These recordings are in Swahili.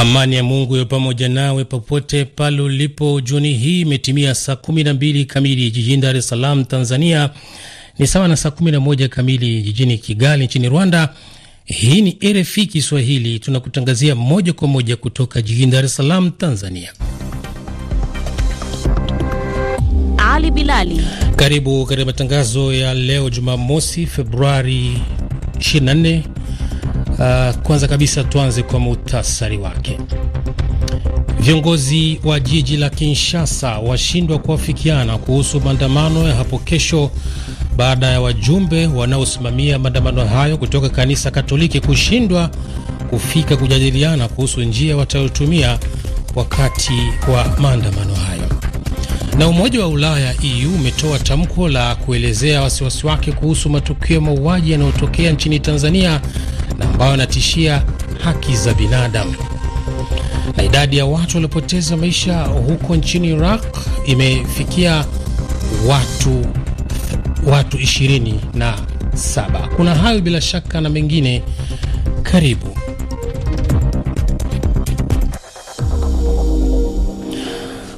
Amani ya Mungu yo pamoja nawe popote pale ulipo. Jioni hii imetimia saa 12 kamili jijini Dar es Salaam, Tanzania, ni sawa na saa 11 kamili jijini Kigali nchini Rwanda. Hii ni RFI Kiswahili, tunakutangazia moja kwa moja kutoka jijini Dar es Salaam, Tanzania. Ali Bilali, karibu katika matangazo ya leo Jumamosi Februari 24 Uh, kwanza kabisa tuanze kwa muhtasari wake. Viongozi wa jiji la Kinshasa washindwa kuafikiana kuhusu maandamano ya hapo kesho baada ya wajumbe wanaosimamia maandamano hayo kutoka kanisa Katoliki kushindwa kufika kujadiliana kuhusu njia watayotumia wakati wa maandamano hayo. Na Umoja wa Ulaya EU umetoa tamko la kuelezea wasiwasi wake kuhusu matukio ya mauaji yanayotokea nchini Tanzania na anatishia yanatishia haki za binadamu. Na idadi ya watu waliopoteza maisha huko nchini Iraq imefikia watu, watu 27. Kuna hayo bila shaka na mengine, karibu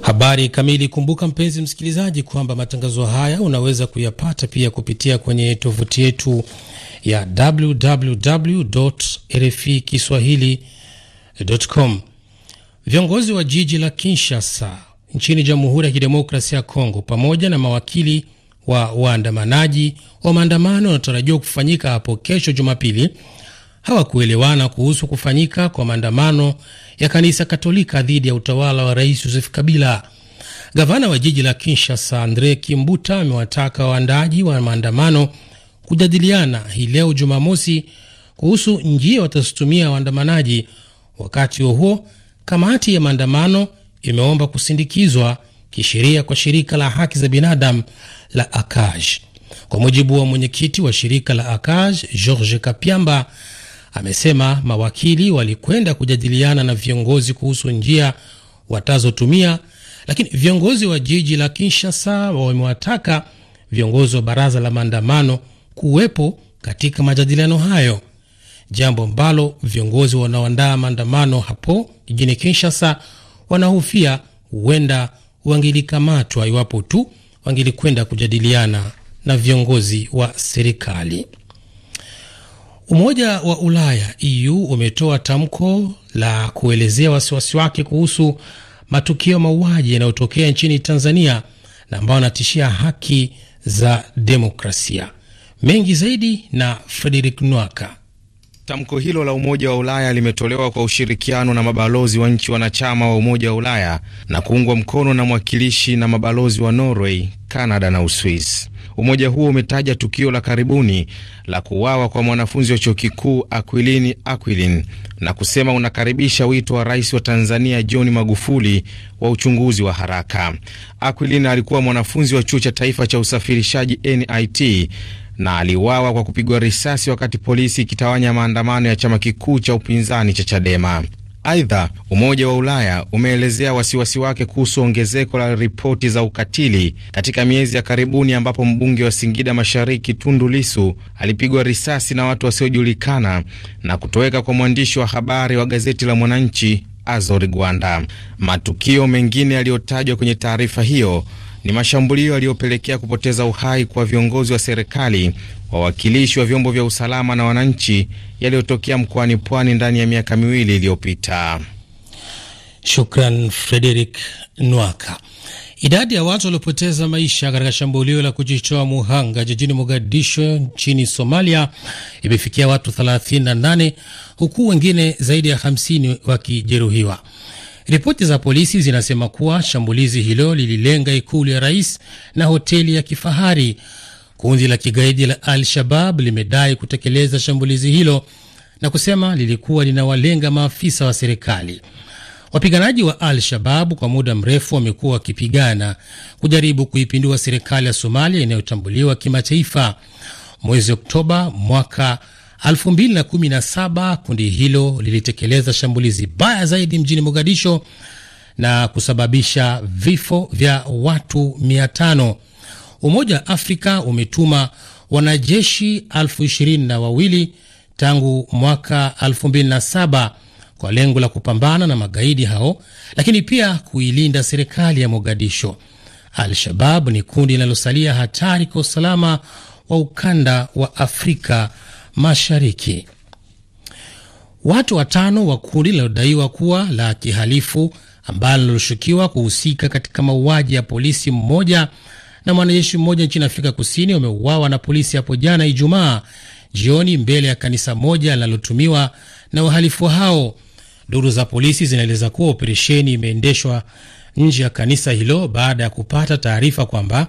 Habari kamili. Kumbuka mpenzi msikilizaji, kwamba matangazo haya unaweza kuyapata pia kupitia kwenye tovuti yetu ya www RFI Kiswahili.com. Viongozi wa jiji la Kinshasa nchini Jamhuri ya Kidemokrasia ya Kongo pamoja na mawakili wa waandamanaji wa maandamano yanatarajiwa kufanyika hapo kesho Jumapili hawakuelewana kuhusu kufanyika kwa maandamano ya kanisa Katolika dhidi ya utawala wa Rais Joseph Kabila. Gavana wa jiji la Kinshasa Andre Kimbuta amewataka waandaji wa maandamano kujadiliana hii leo Jumamosi kuhusu njia watazotumia waandamanaji. Wakati huo huo, kamati ya maandamano imeomba kusindikizwa kisheria kwa shirika la haki za binadamu la ACAJ. Kwa mujibu wa mwenyekiti wa shirika la ACAJ George Kapiamba, amesema mawakili walikwenda kujadiliana na viongozi kuhusu njia watazotumia, lakini viongozi wa jiji la Kinshasa wamewataka viongozi wa baraza la maandamano kuwepo katika majadiliano hayo, jambo ambalo viongozi wanaoandaa maandamano hapo jijini Kinshasa wanahofia huenda wangelikamatwa iwapo tu wangelikwenda kujadiliana na viongozi wa serikali. Umoja wa Ulaya EU umetoa tamko la kuelezea wasiwasi wake kuhusu matukio mauaji yanayotokea nchini Tanzania na ambayo anatishia haki za demokrasia. Mengi zaidi na Frederik Nwaka. Tamko hilo la Umoja wa Ulaya limetolewa kwa ushirikiano na mabalozi wa nchi wanachama wa Umoja wa Ulaya na kuungwa mkono na mwakilishi na mabalozi wa Norway, Canada na Uswis. Umoja huo umetaja tukio la karibuni la kuuawa kwa mwanafunzi wa chuo kikuu Aquilini Aquilin na kusema unakaribisha wito wa rais wa Tanzania John Magufuli wa uchunguzi wa haraka. Aquilin alikuwa mwanafunzi wa chuo cha taifa cha usafirishaji NIT na aliuawa kwa kupigwa risasi wakati polisi ikitawanya maandamano ya chama kikuu cha upinzani cha Chadema. Aidha, Umoja wa Ulaya umeelezea wasiwasi wake kuhusu ongezeko la ripoti za ukatili katika miezi ya karibuni, ambapo mbunge wa Singida Mashariki Tundu Lisu alipigwa risasi na watu wasiojulikana na kutoweka kwa mwandishi wa habari wa gazeti la Mwananchi Azori Gwanda. Matukio mengine yaliyotajwa kwenye taarifa hiyo ni mashambulio yaliyopelekea kupoteza uhai kwa viongozi wa serikali, wawakilishi wa vyombo vya usalama na wananchi, yaliyotokea mkoani Pwani ndani ya miaka miwili iliyopita. Shukran Frederik Nwaka. Idadi ya watu waliopoteza maisha katika shambulio la kujitoa muhanga jijini Mogadisho nchini Somalia imefikia watu 38 huku wengine zaidi ya 50 wakijeruhiwa. Ripoti za polisi zinasema kuwa shambulizi hilo lililenga ikulu ya rais na hoteli ya kifahari. Kundi la kigaidi la Al-Shabab limedai kutekeleza shambulizi hilo na kusema lilikuwa linawalenga maafisa wa serikali. Wapiganaji wa Al-Shabab kwa muda mrefu wamekuwa wakipigana kujaribu kuipindua serikali ya Somalia inayotambuliwa kimataifa. Mwezi Oktoba mwaka 2017 kundi hilo lilitekeleza shambulizi baya zaidi mjini Mogadisho na kusababisha vifo vya watu 500. Umoja wa Afrika umetuma wanajeshi elfu ishirini na wawili tangu mwaka 2007 kwa lengo la kupambana na magaidi hao, lakini pia kuilinda serikali ya Mogadisho. Al-Shabab ni kundi linalosalia hatari kwa usalama wa ukanda wa Afrika Mashariki. Watu watano wa kundi linalodaiwa kuwa la kihalifu ambalo liloshukiwa kuhusika katika mauaji ya polisi mmoja na mwanajeshi mmoja nchini Afrika Kusini wameuawa na polisi hapo jana Ijumaa jioni mbele ya kanisa moja linalotumiwa na wahalifu hao. Duru za polisi zinaeleza kuwa operesheni imeendeshwa nje ya kanisa hilo baada ya kupata taarifa kwamba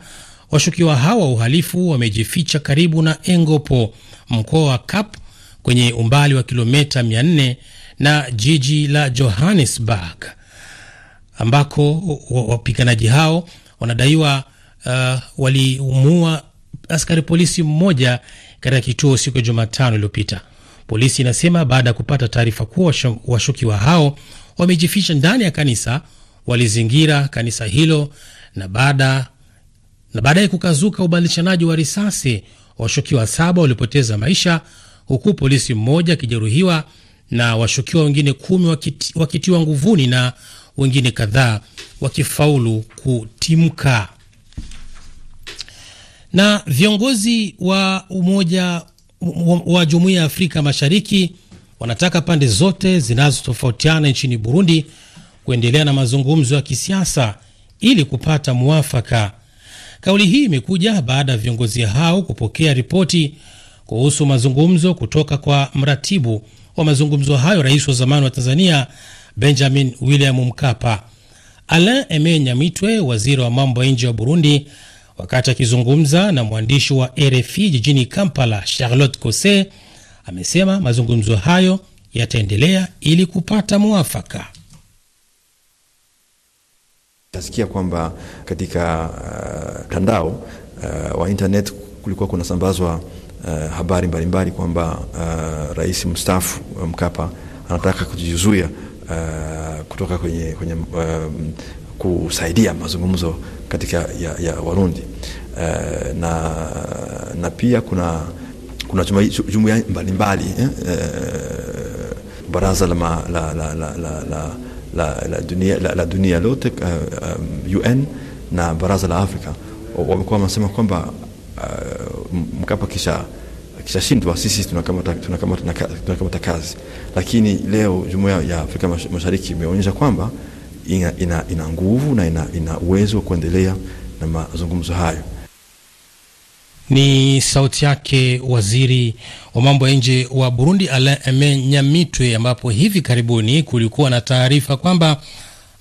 Washukiwa hawa uhalifu wamejificha karibu na Engopo, mkoa wa Kap, kwenye umbali wa kilomita 400 na jiji la Johannesburg, ambako wapiganaji hao wanadaiwa uh, walimuua askari polisi mmoja katika kituo siku ya Jumatano iliyopita. Polisi inasema baada ya kupata taarifa kuwa washukiwa hao wamejificha ndani ya kanisa, walizingira kanisa hilo na baada na baadaye kukazuka ubadilishanaji wa risasi. Washukiwa saba walipoteza maisha huku polisi mmoja akijeruhiwa na washukiwa wengine kumi wakiti, wakitiwa nguvuni na wengine kadhaa wakifaulu kutimka. Na viongozi wa umoja wa Jumuiya ya Afrika Mashariki wanataka pande zote zinazotofautiana nchini Burundi kuendelea na mazungumzo ya kisiasa ili kupata mwafaka Kauli hii imekuja baada ya viongozi hao kupokea ripoti kuhusu mazungumzo kutoka kwa mratibu wa mazungumzo hayo, rais wa zamani wa Tanzania Benjamin William Mkapa. Alain Aime Nyamitwe, waziri wa mambo ya nje wa Burundi, wakati akizungumza na mwandishi wa RFI jijini Kampala, Charlotte Cose, amesema mazungumzo hayo yataendelea ili kupata mwafaka. Tasikia kwamba katika uh, mtandao uh, uh, wa internet kulikuwa kunasambazwa uh, habari mbalimbali kwamba uh, rais mstaafu Mkapa anataka kujizuia uh, kutoka kwenye, kwenye um, kusaidia mazungumzo katika ya, ya Warundi uh, na, na pia kuna, kuna jumuiya mbalimbali eh, eh, baraza la, la, la, la, la, la la, la, dunia, la, la dunia lote uh, eh, eh, um, UN na baraza la Afrika wamekuwa wanasema kwamba uh, Mkapa kisha kishashindwa sisi tunakamata, tunakamata, tunakamata kazi, lakini leo jumuiya ya Afrika Mashariki imeonyesha kwamba ina, ina, ina nguvu na ina, ina uwezo wa kuendelea na mazungumzo hayo. Ni sauti yake waziri wa mambo ya nje wa Burundi Alain Aime Nyamitwe, ambapo hivi karibuni kulikuwa na taarifa kwamba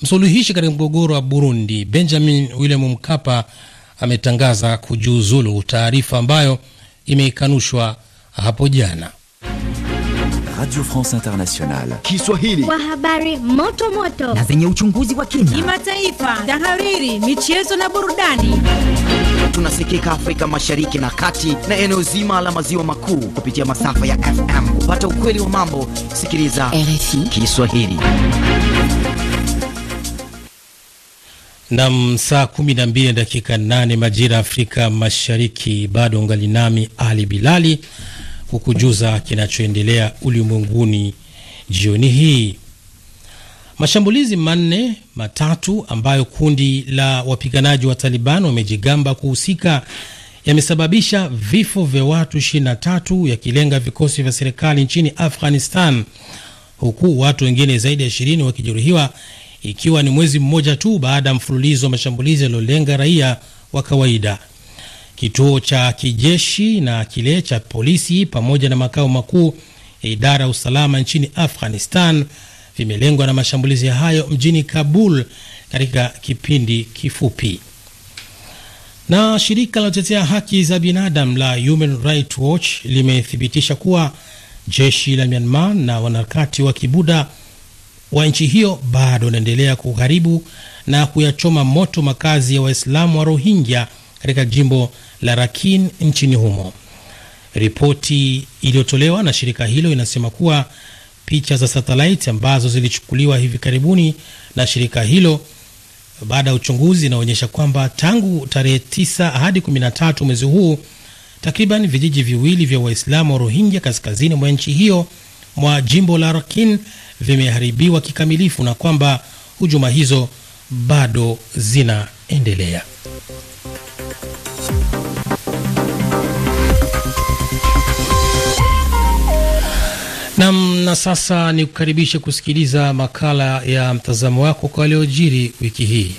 msuluhishi katika mgogoro wa Burundi Benjamin William Mkapa ametangaza kujiuzulu, taarifa ambayo imeikanushwa hapo jana. Radio France Internationale Kiswahili, kwa habari moto moto na zenye uchunguzi wa kina, kimataifa, tahariri, michezo na burudani. Tunasikika Afrika Mashariki na Kati na eneo zima la maziwa makuu kupitia masafa ya FM. Kupata ukweli wa mambo, sikiliza RFI Kiswahili. Nam, saa 12 dakika 8 majira Afrika Mashariki. Bado ngali nami Ali Bilali kukujuza kinachoendelea ulimwenguni jioni hii. Mashambulizi manne matatu ambayo kundi la wapiganaji wa Taliban wamejigamba kuhusika yamesababisha vifo vya watu 23 yakilenga vikosi vya serikali nchini Afghanistan, huku watu wengine zaidi ya 20 wakijeruhiwa, ikiwa ni mwezi mmoja tu baada ya mfululizo wa mashambulizi yaliyolenga raia wa kawaida. Kituo cha kijeshi na kile cha polisi pamoja na makao makuu ya idara ya usalama nchini Afghanistan vimelengwa na mashambulizi hayo mjini Kabul katika kipindi kifupi. Na shirika la haki za binadamu la Human Rights Watch limethibitisha kuwa jeshi la Myanmar na wanaharakati wa Kibuda wa nchi hiyo bado wanaendelea kuharibu na kuyachoma moto makazi ya Waislamu wa Rohingya katika jimbo la Rakhine nchini humo. Ripoti iliyotolewa na shirika hilo inasema kuwa picha za satelaiti ambazo zilichukuliwa hivi karibuni na shirika hilo baada ya uchunguzi inaonyesha kwamba tangu tarehe 9 hadi 13 mwezi huu takriban vijiji viwili vya Waislamu wa Rohingya kaskazini mwa nchi hiyo mwa jimbo la Rakhine vimeharibiwa kikamilifu na kwamba hujuma hizo bado zinaendelea. Nam, na sasa ni kukaribisha kusikiliza makala ya mtazamo wako kwa yaliyojiri wiki hii.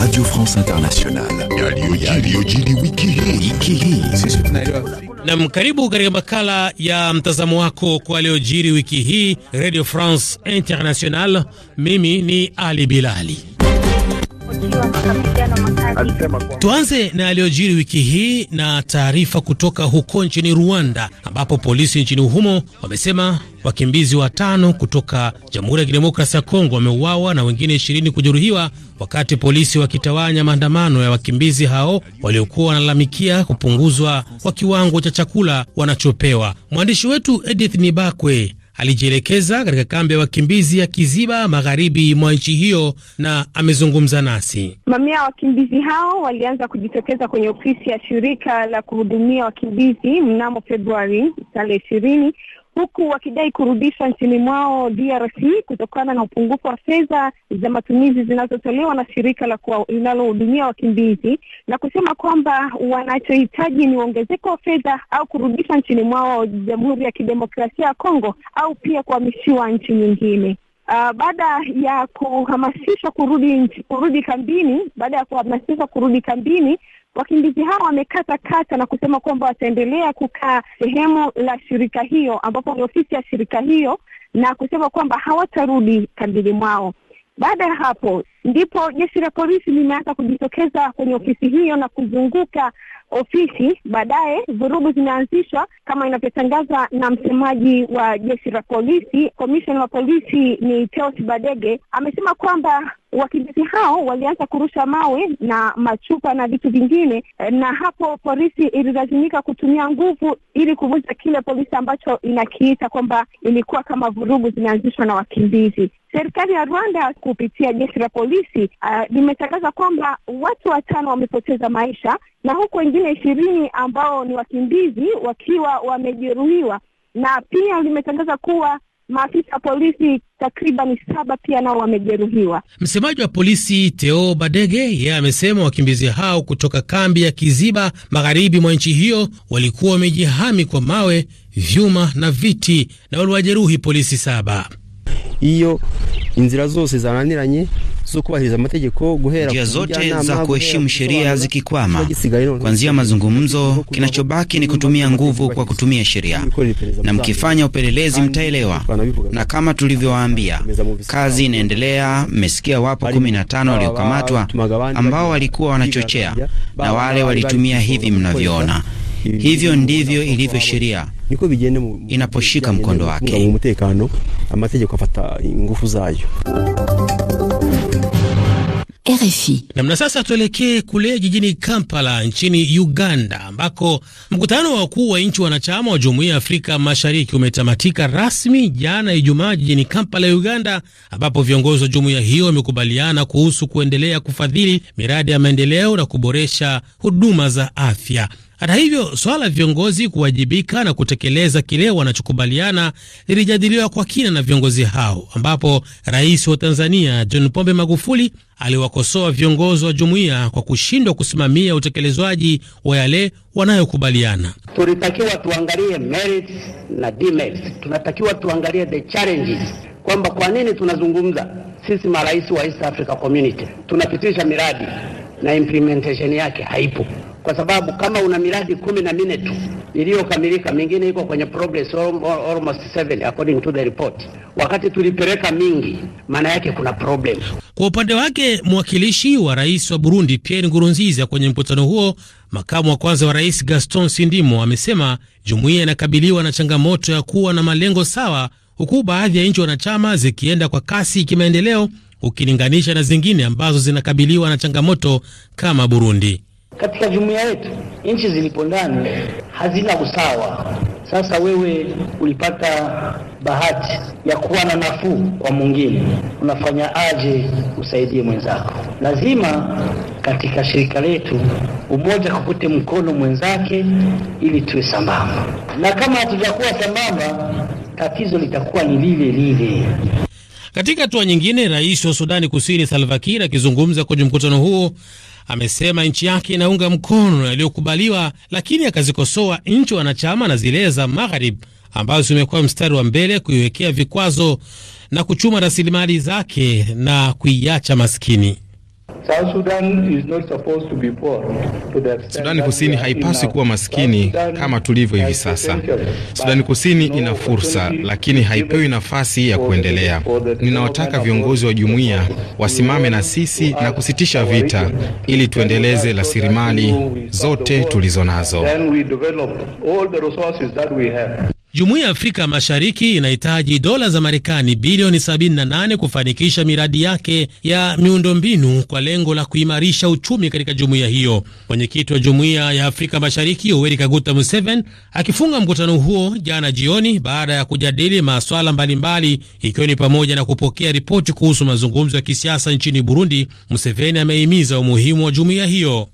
Radio France Internationale, yaliyojiri wiki hii. Nam, karibu katika makala ya mtazamo wako kwa yaliyojiri wiki hii, Radio France Internationale. Mimi ni Ali Bilali. Tuanze na yaliyojiri wiki hii na taarifa kutoka huko nchini Rwanda, ambapo polisi nchini humo wamesema wakimbizi watano kutoka Jamhuri ya Kidemokrasia ya Kongo wameuawa na wengine ishirini kujeruhiwa wakati polisi wakitawanya maandamano ya wakimbizi hao waliokuwa wanalalamikia kupunguzwa kwa kiwango cha chakula wanachopewa. Mwandishi wetu Edith Nibakwe alijielekeza katika kambi ya wakimbizi ya Kiziba magharibi mwa nchi hiyo na amezungumza nasi. Mamia ya wakimbizi hao walianza kujitokeza kwenye ofisi ya shirika la kuhudumia wakimbizi mnamo Februari tarehe ishirini huku wakidai kurudisha nchini mwao DRC kutokana na upungufu wa fedha za matumizi zinazotolewa na shirika la linalohudumia wakimbizi na kusema kwamba wanachohitaji ni uongezeko wa fedha au kurudisha nchini mwao Jamhuri ya Kidemokrasia ya Kongo au pia kuhamishiwa nchi nyingine. Uh, baada ya kuhamasishwa kurudi kurudi kambini, baada ya kuhamasishwa kurudi kambini, Wakimbizi hao wamekata kata na kusema kwamba wataendelea kukaa sehemu la shirika hiyo ambapo ni ofisi ya shirika hiyo na kusema kwamba hawatarudi kambini mwao. Baada ya hapo ndipo jeshi la polisi limeanza kujitokeza kwenye ofisi hiyo na kuzunguka ofisi. Baadaye vurugu zinaanzishwa kama inavyotangazwa na msemaji wa jeshi la polisi. Komishona wa polisi ni Teos Badege amesema kwamba wakimbizi hao walianza kurusha mawe na machupa na vitu vingine, na hapo polisi ililazimika kutumia nguvu ili kuvunja kile polisi ambacho inakiita kwamba ilikuwa kama vurugu zimeanzishwa na wakimbizi. Serikali ya Rwanda kupitia jeshi la polisi ah, limetangaza uh, kwamba watu watano wamepoteza maisha na huku wengine ishirini ambao ni wakimbizi wakiwa wamejeruhiwa, na pia limetangaza kuwa maafisa wa polisi takriban saba pia nao wamejeruhiwa. Msemaji wa polisi teo Badege yeye amesema wakimbizi hao kutoka kambi ya Kiziba magharibi mwa nchi hiyo walikuwa wamejihami kwa mawe, vyuma na viti na waliwajeruhi polisi saba iyo inzira zose zananiranye zo kubahiriza amategeko guhera njia zote za kuheshimu sheria zikikwama, kuanzia mazungumzo, kinachobaki ni kutumia nguvu kwa kutumia sheria, na mkifanya upelelezi mtaelewa. Na kama tulivyowaambia, kazi inaendelea. Mmesikia wapo kumi na tano waliokamatwa ambao walikuwa wanachochea na wale walitumia hivi mnavyoona Hivyo ndivyo ilivyo sheria inaposhika mkondo wake. RFI. Namna sasa, tuelekee kule jijini Kampala nchini Uganda, ambako mkutano wa wakuu wa nchi wanachama wa Jumuiya ya Afrika Mashariki umetamatika rasmi jana Ijumaa jijini Kampala ya Uganda, ambapo viongozi wa jumuiya hiyo wamekubaliana kuhusu kuendelea kufadhili miradi ya maendeleo na kuboresha huduma za afya. Hata hivyo, swala la viongozi kuwajibika na kutekeleza kile wanachokubaliana lilijadiliwa kwa kina na viongozi hao, ambapo rais wa Tanzania John Pombe Magufuli aliwakosoa viongozi wa jumuiya kwa kushindwa kusimamia utekelezwaji wa yale wanayokubaliana. Tulitakiwa tuangalie merits na demerits, tunatakiwa tuangalie the challenges, kwamba kwa nini tunazungumza sisi marais wa East Africa Community tunapitisha miradi na implementation yake haipo kwa sababu kama una miradi kumi na minne tu iliyokamilika, mingine iko kwenye progress almost seven according to the report. Wakati tulipeleka mingi, maana yake kuna problem. Kwa upande wake mwakilishi wa rais wa Burundi Pierre Nkurunziza kwenye mkutano huo, makamu wa kwanza wa rais Gaston Sindimo amesema jumuiya inakabiliwa na changamoto ya kuwa na malengo sawa, huku baadhi ya nchi wanachama zikienda kwa kasi kimaendeleo ukilinganisha na zingine ambazo zinakabiliwa na changamoto kama Burundi katika jumuiya yetu. Nchi zilipo ndani hazina usawa. Sasa wewe ulipata bahati ya kuwa na nafuu kwa mwingine, unafanya aje usaidie mwenzako? Lazima katika shirika letu umoja kukute mkono mwenzake, ili tuwe sambamba, na kama hatujakuwa sambamba, tatizo litakuwa ni lile lile. Katika hatua nyingine, rais wa Sudani Kusini Salva Kiir akizungumza kwenye mkutano huo amesema nchi yake inaunga mkono yaliyokubaliwa, lakini akazikosoa nchi wanachama na zile za magharibi ambazo zimekuwa mstari wa mbele kuiwekea vikwazo na kuchuma rasilimali zake na kuiacha maskini. Sudani Kusini haipaswi kuwa maskini kama tulivyo hivi sasa. Sudani Kusini ina fursa, lakini haipewi nafasi ya kuendelea. Ninawataka viongozi wa jumuiya wasimame na sisi na kusitisha vita ili tuendeleze rasilimali zote tulizo nazo. Jumuiya ya Afrika Mashariki inahitaji dola za Marekani bilioni 78 kufanikisha miradi yake ya miundombinu kwa lengo la kuimarisha uchumi katika jumuiya hiyo. Mwenyekiti wa Jumuiya ya Afrika Mashariki Yoweri Kaguta Museveni akifunga mkutano huo jana jioni baada ya kujadili maswala mbalimbali ikiwa ni pamoja na kupokea ripoti kuhusu mazungumzo ya kisiasa nchini Burundi. Museveni amehimiza umuhimu wa jumuiya hiyo.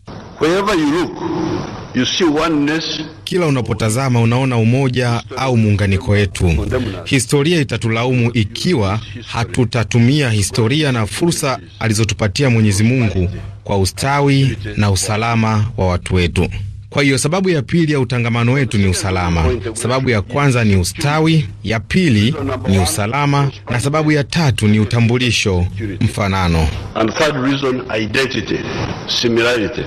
Kila unapotazama unaona umoja au muunganiko wetu. Historia itatulaumu ikiwa hatutatumia historia na fursa alizotupatia Mwenyezi Mungu kwa ustawi na usalama wa watu wetu. Kwa hiyo sababu ya pili ya utangamano wetu ni usalama. Sababu ya kwanza ni ustawi, ya pili ni usalama, na sababu ya tatu ni utambulisho, mfanano. And third reason, identity, similarity.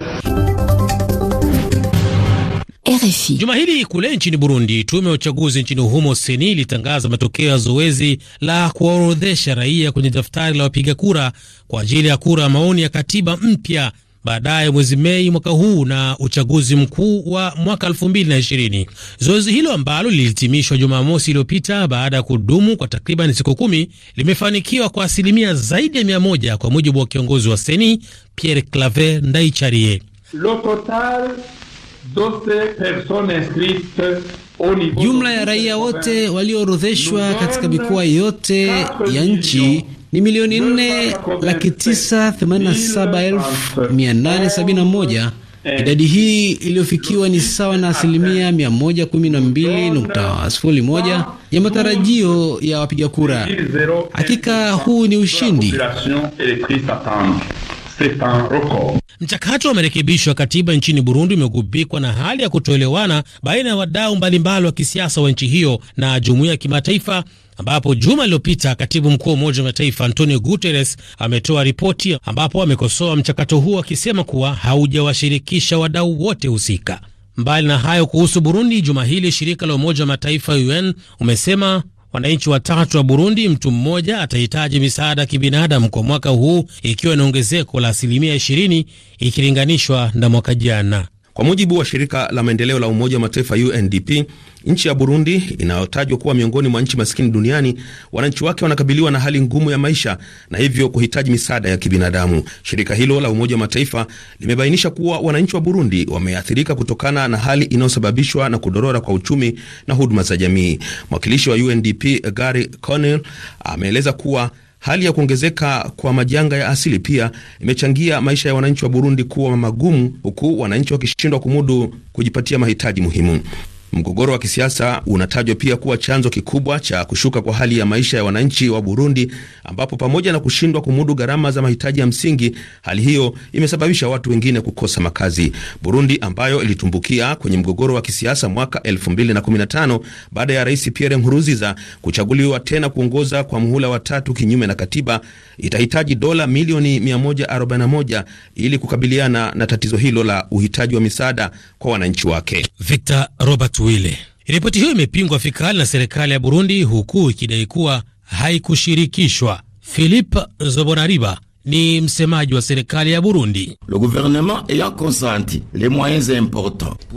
RFI. Juma hili kule nchini Burundi, tume ya uchaguzi nchini humo seni ilitangaza matokeo ya zoezi la kuwaorodhesha raia kwenye daftari la wapiga kura kwa ajili ya kura ya maoni ya katiba mpya baadaye mwezi Mei mwaka huu na uchaguzi mkuu wa mwaka ishirini. Zoezi hilo ambalo lilihitimishwa Jumamosi iliyopita baada ya kudumu kwa takriban siku kumi limefanikiwa kwa asilimia zaidi ya mia moja kwa mujibu wa kiongozi wa seni Pierre Claver Ndaicharie. Jumla ya raia wote walioorodheshwa katika mikoa yote ya nchi ni milioni nne laki tisa themanini na saba elfu mia nane sabini na moja. Eh. Idadi hii iliyofikiwa ni sawa na asilimia 112.01 eh. ya matarajio ya wapiga kura. Hakika huu ni ushindi. Mchakato wa marekebisho ya katiba nchini Burundi umegubikwa na hali ya kutoelewana baina ya wadau mbalimbali wa kisiasa wa nchi hiyo na jumuiya ya kimataifa, ambapo juma lililopita katibu mkuu wa Umoja wa Mataifa Antonio Guterres ametoa ripoti ambapo amekosoa mchakato huo akisema kuwa haujawashirikisha wadau wote husika. Mbali na hayo, kuhusu Burundi, juma hili shirika la Umoja wa Mataifa UN umesema wananchi watatu wa Burundi, mtu mmoja atahitaji misaada ya kibinadamu kwa mwaka huu, ikiwa ni ongezeko la asilimia 20 ikilinganishwa na mwaka jana. Kwa mujibu wa shirika la maendeleo la Umoja wa Mataifa UNDP, nchi ya Burundi inayotajwa kuwa miongoni mwa nchi maskini duniani, wananchi wake wanakabiliwa na hali ngumu ya maisha na hivyo kuhitaji misaada ya kibinadamu. Shirika hilo la Umoja wa Mataifa limebainisha kuwa wananchi wa Burundi wameathirika kutokana na hali inayosababishwa na kudorora kwa uchumi na huduma za jamii. Mwakilishi wa UNDP Gary Connell ameeleza kuwa Hali ya kuongezeka kwa majanga ya asili pia imechangia maisha ya wananchi wa Burundi kuwa magumu, huku wananchi wakishindwa kumudu kujipatia mahitaji muhimu. Mgogoro wa kisiasa unatajwa pia kuwa chanzo kikubwa cha kushuka kwa hali ya maisha ya wananchi wa Burundi, ambapo pamoja na kushindwa kumudu gharama za mahitaji ya msingi, hali hiyo imesababisha watu wengine kukosa makazi. Burundi ambayo ilitumbukia kwenye mgogoro wa kisiasa mwaka 2015 baada ya Rais Pierre Nkurunziza kuchaguliwa tena kuongoza kwa muhula wa tatu kinyume na katiba, itahitaji dola milioni 141 ili kukabiliana na tatizo hilo la uhitaji wa misaada kwa wananchi wake. Victor Robert Tuile. Ripoti hiyo imepingwa vikali na serikali ya Burundi, huku ikidai kuwa haikushirikishwa. Philip Zobonariba ni msemaji wa serikali ya Burundi.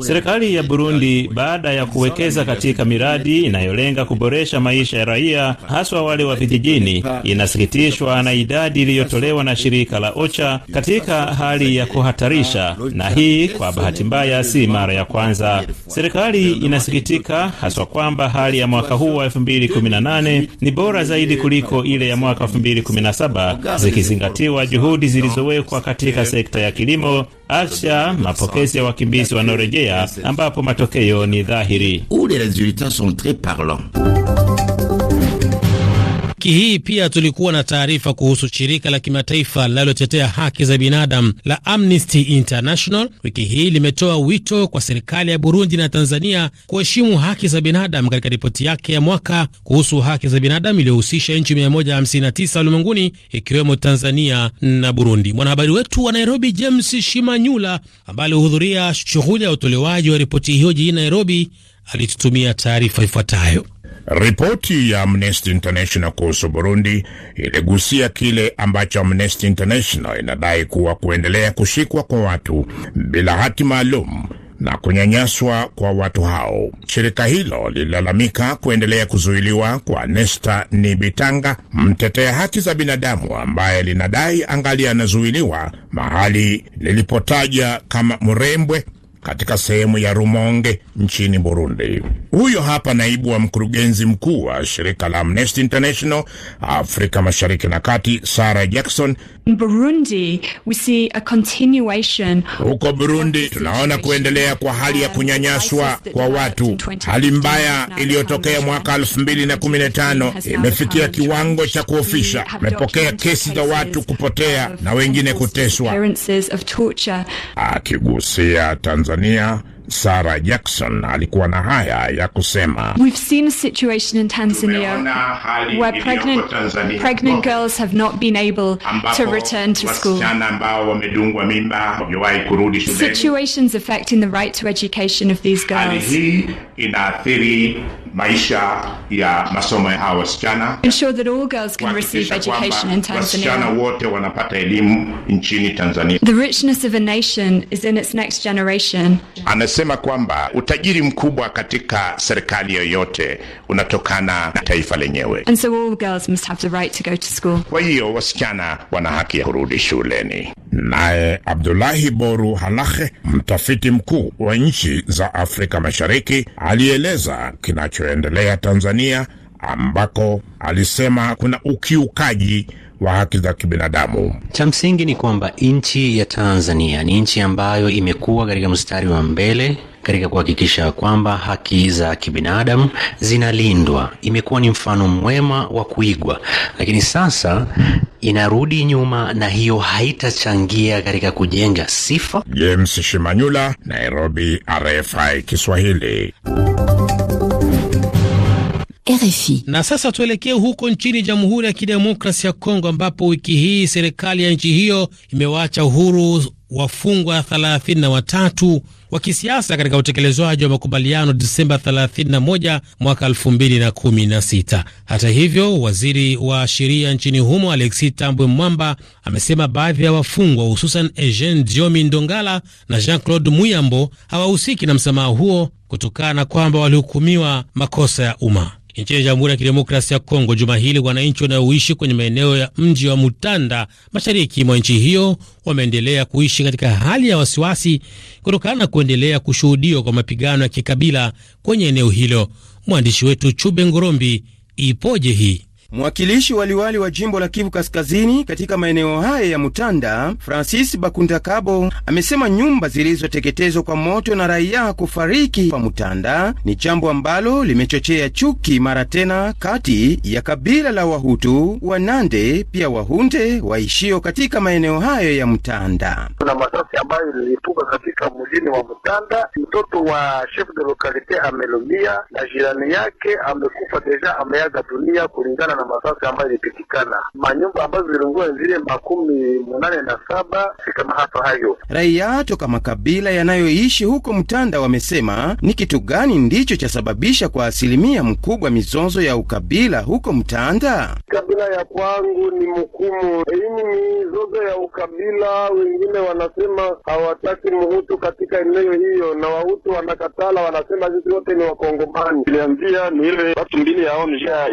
Serikali ya Burundi baada ya kuwekeza katika miradi inayolenga kuboresha maisha ya raia, haswa wale wa vijijini, inasikitishwa na idadi iliyotolewa na shirika la OCHA katika hali ya kuhatarisha, na hii kwa bahati mbaya si mara ya kwanza. Serikali inasikitika haswa kwamba hali ya mwaka huu wa 2018 ni bora zaidi kuliko ile ya mwaka 2017 zikizingatia kuzingatiwa juhudi zilizowekwa katika sekta ya kilimo, afya, mapokezi ya wakimbizi wanaorejea, ambapo matokeo ni dhahiri. Wiki hii pia tulikuwa na taarifa kuhusu shirika la kimataifa linalotetea haki za binadamu la Amnesty International. Wiki hii limetoa wito kwa serikali ya Burundi na Tanzania kuheshimu haki za binadamu katika ripoti yake ya mwaka kuhusu haki za binadamu iliyohusisha nchi 159 ulimwenguni ikiwemo Tanzania na Burundi. Mwanahabari wetu wa Nairobi James Shimanyula ambaye alihudhuria shughuli ya utolewaji wa ripoti hiyo jijini Nairobi alitutumia taarifa ifuatayo. Ripoti ya Amnesty International kuhusu Burundi iligusia kile ambacho Amnesty International inadai kuwa kuendelea kushikwa kwa watu bila hati maalum na kunyanyaswa kwa watu hao. Shirika hilo lililalamika kuendelea kuzuiliwa kwa Nesta Nibitanga, mtetea haki za binadamu ambaye linadai angali anazuiliwa mahali lilipotaja kama Murembwe katika sehemu ya Rumonge nchini Burundi. Huyo hapa naibu wa mkurugenzi mkuu wa shirika la Amnesty International Afrika Mashariki na Kati, Sarah Jackson. Burundi, we see a continuation. Huko Burundi tunaona kuendelea kwa hali ya kunyanyaswa kwa watu. Hali mbaya iliyotokea mwaka 2015 imefikia kiwango cha kuofisha. imepokea kesi za watu kupotea na wengine kuteswa. Akigusia Tanzania Tanzania Sarah Jackson alikuwa na haya ya kusema. We've seen a situation in Tanzania where pregnant, Tanzania, pregnant girls have not been able to return to school. Ambao wamedungwa mimba hawajawahi kurudi shuleni. Situations affecting the right to education of these girls. Hali hii inaathiri maisha ya masomo ya hawa wasichana. Ensure that all girls can receive education in Tanzania. Wasichana wote wanapata elimu nchini Tanzania. The richness of a nation is in its next generation. Anasema anasema kwamba utajiri mkubwa katika serikali yoyote unatokana na taifa lenyewe. so to to Kwa hiyo wasichana wana haki ya kurudi shuleni. Naye Abdulahi Boru halahe mtafiti mkuu wa nchi za Afrika Mashariki, alieleza kinachoendelea Tanzania ambako alisema kuna ukiukaji wa haki za kibinadamu. Cha msingi ni kwamba nchi ya Tanzania ni nchi ambayo imekuwa katika mstari wa mbele katika kuhakikisha kwamba haki za kibinadamu zinalindwa. Imekuwa ni mfano mwema wa kuigwa, lakini sasa inarudi nyuma, na hiyo haitachangia katika kujenga sifa. James Shimanyula, Nairobi, RFI Kiswahili. RFI. Na sasa tuelekee huko nchini Jamhuri ya Kidemokrasia ya Kongo ambapo wiki hii serikali ya nchi hiyo imewaacha uhuru wafungwa 33 na watatu wa kisiasa katika utekelezwaji wa makubaliano Disemba 31 mwaka 2016. Hata hivyo, waziri wa sheria nchini humo Alexis Tambwe Mwamba amesema baadhi ya wafungwa hususan Eugene Diomi Ndongala na Jean-Claude Muyambo hawahusiki na msamaha huo kutokana na kwamba walihukumiwa makosa ya umma. Nchini Jamhuri ya Kidemokrasia ya Kongo juma hili, wananchi wanaoishi kwenye maeneo ya mji wa Mutanda mashariki mwa nchi hiyo wameendelea kuishi katika hali ya wasiwasi kutokana na kuendelea kushuhudiwa kwa mapigano ya kikabila kwenye eneo hilo. Mwandishi wetu Chube Ngorombi, ipoje hii Mwakilishi wa liwali wa jimbo la Kivu Kaskazini katika maeneo haya ya Mutanda, Francis bakundakabo amesema nyumba zilizoteketezwa kwa moto na raia kufariki pa Mutanda ni jambo ambalo limechochea chuki mara tena kati ya kabila la Wahutu, Wanande pia Wahunde waishio katika maeneo hayo ya Mutanda. Kuna masasi ambayo ililipuka katika mjini wa Mutanda, mtoto wa chef de lokalite amelumia na jirani yake amekufa deja, ameaga dunia kulingana na na masasi ambayo ilipitikana manyumba ambazo zilungua zile makumi munane na saba katika maafa hayo. Raia toka makabila yanayoishi huko Mtanda wamesema ni kitu gani ndicho chasababisha kwa asilimia mkubwa mizozo ya ukabila huko Mtanda. Kabila ya kwangu ni Mkumu. Hii mizozo ya ukabila, wengine wanasema hawataki muhutu katika eneo hiyo, na Wahutu wanakatala, wanasema sisi wote ni Wakongomani. Ilianzia ni ile watu mbili ya onja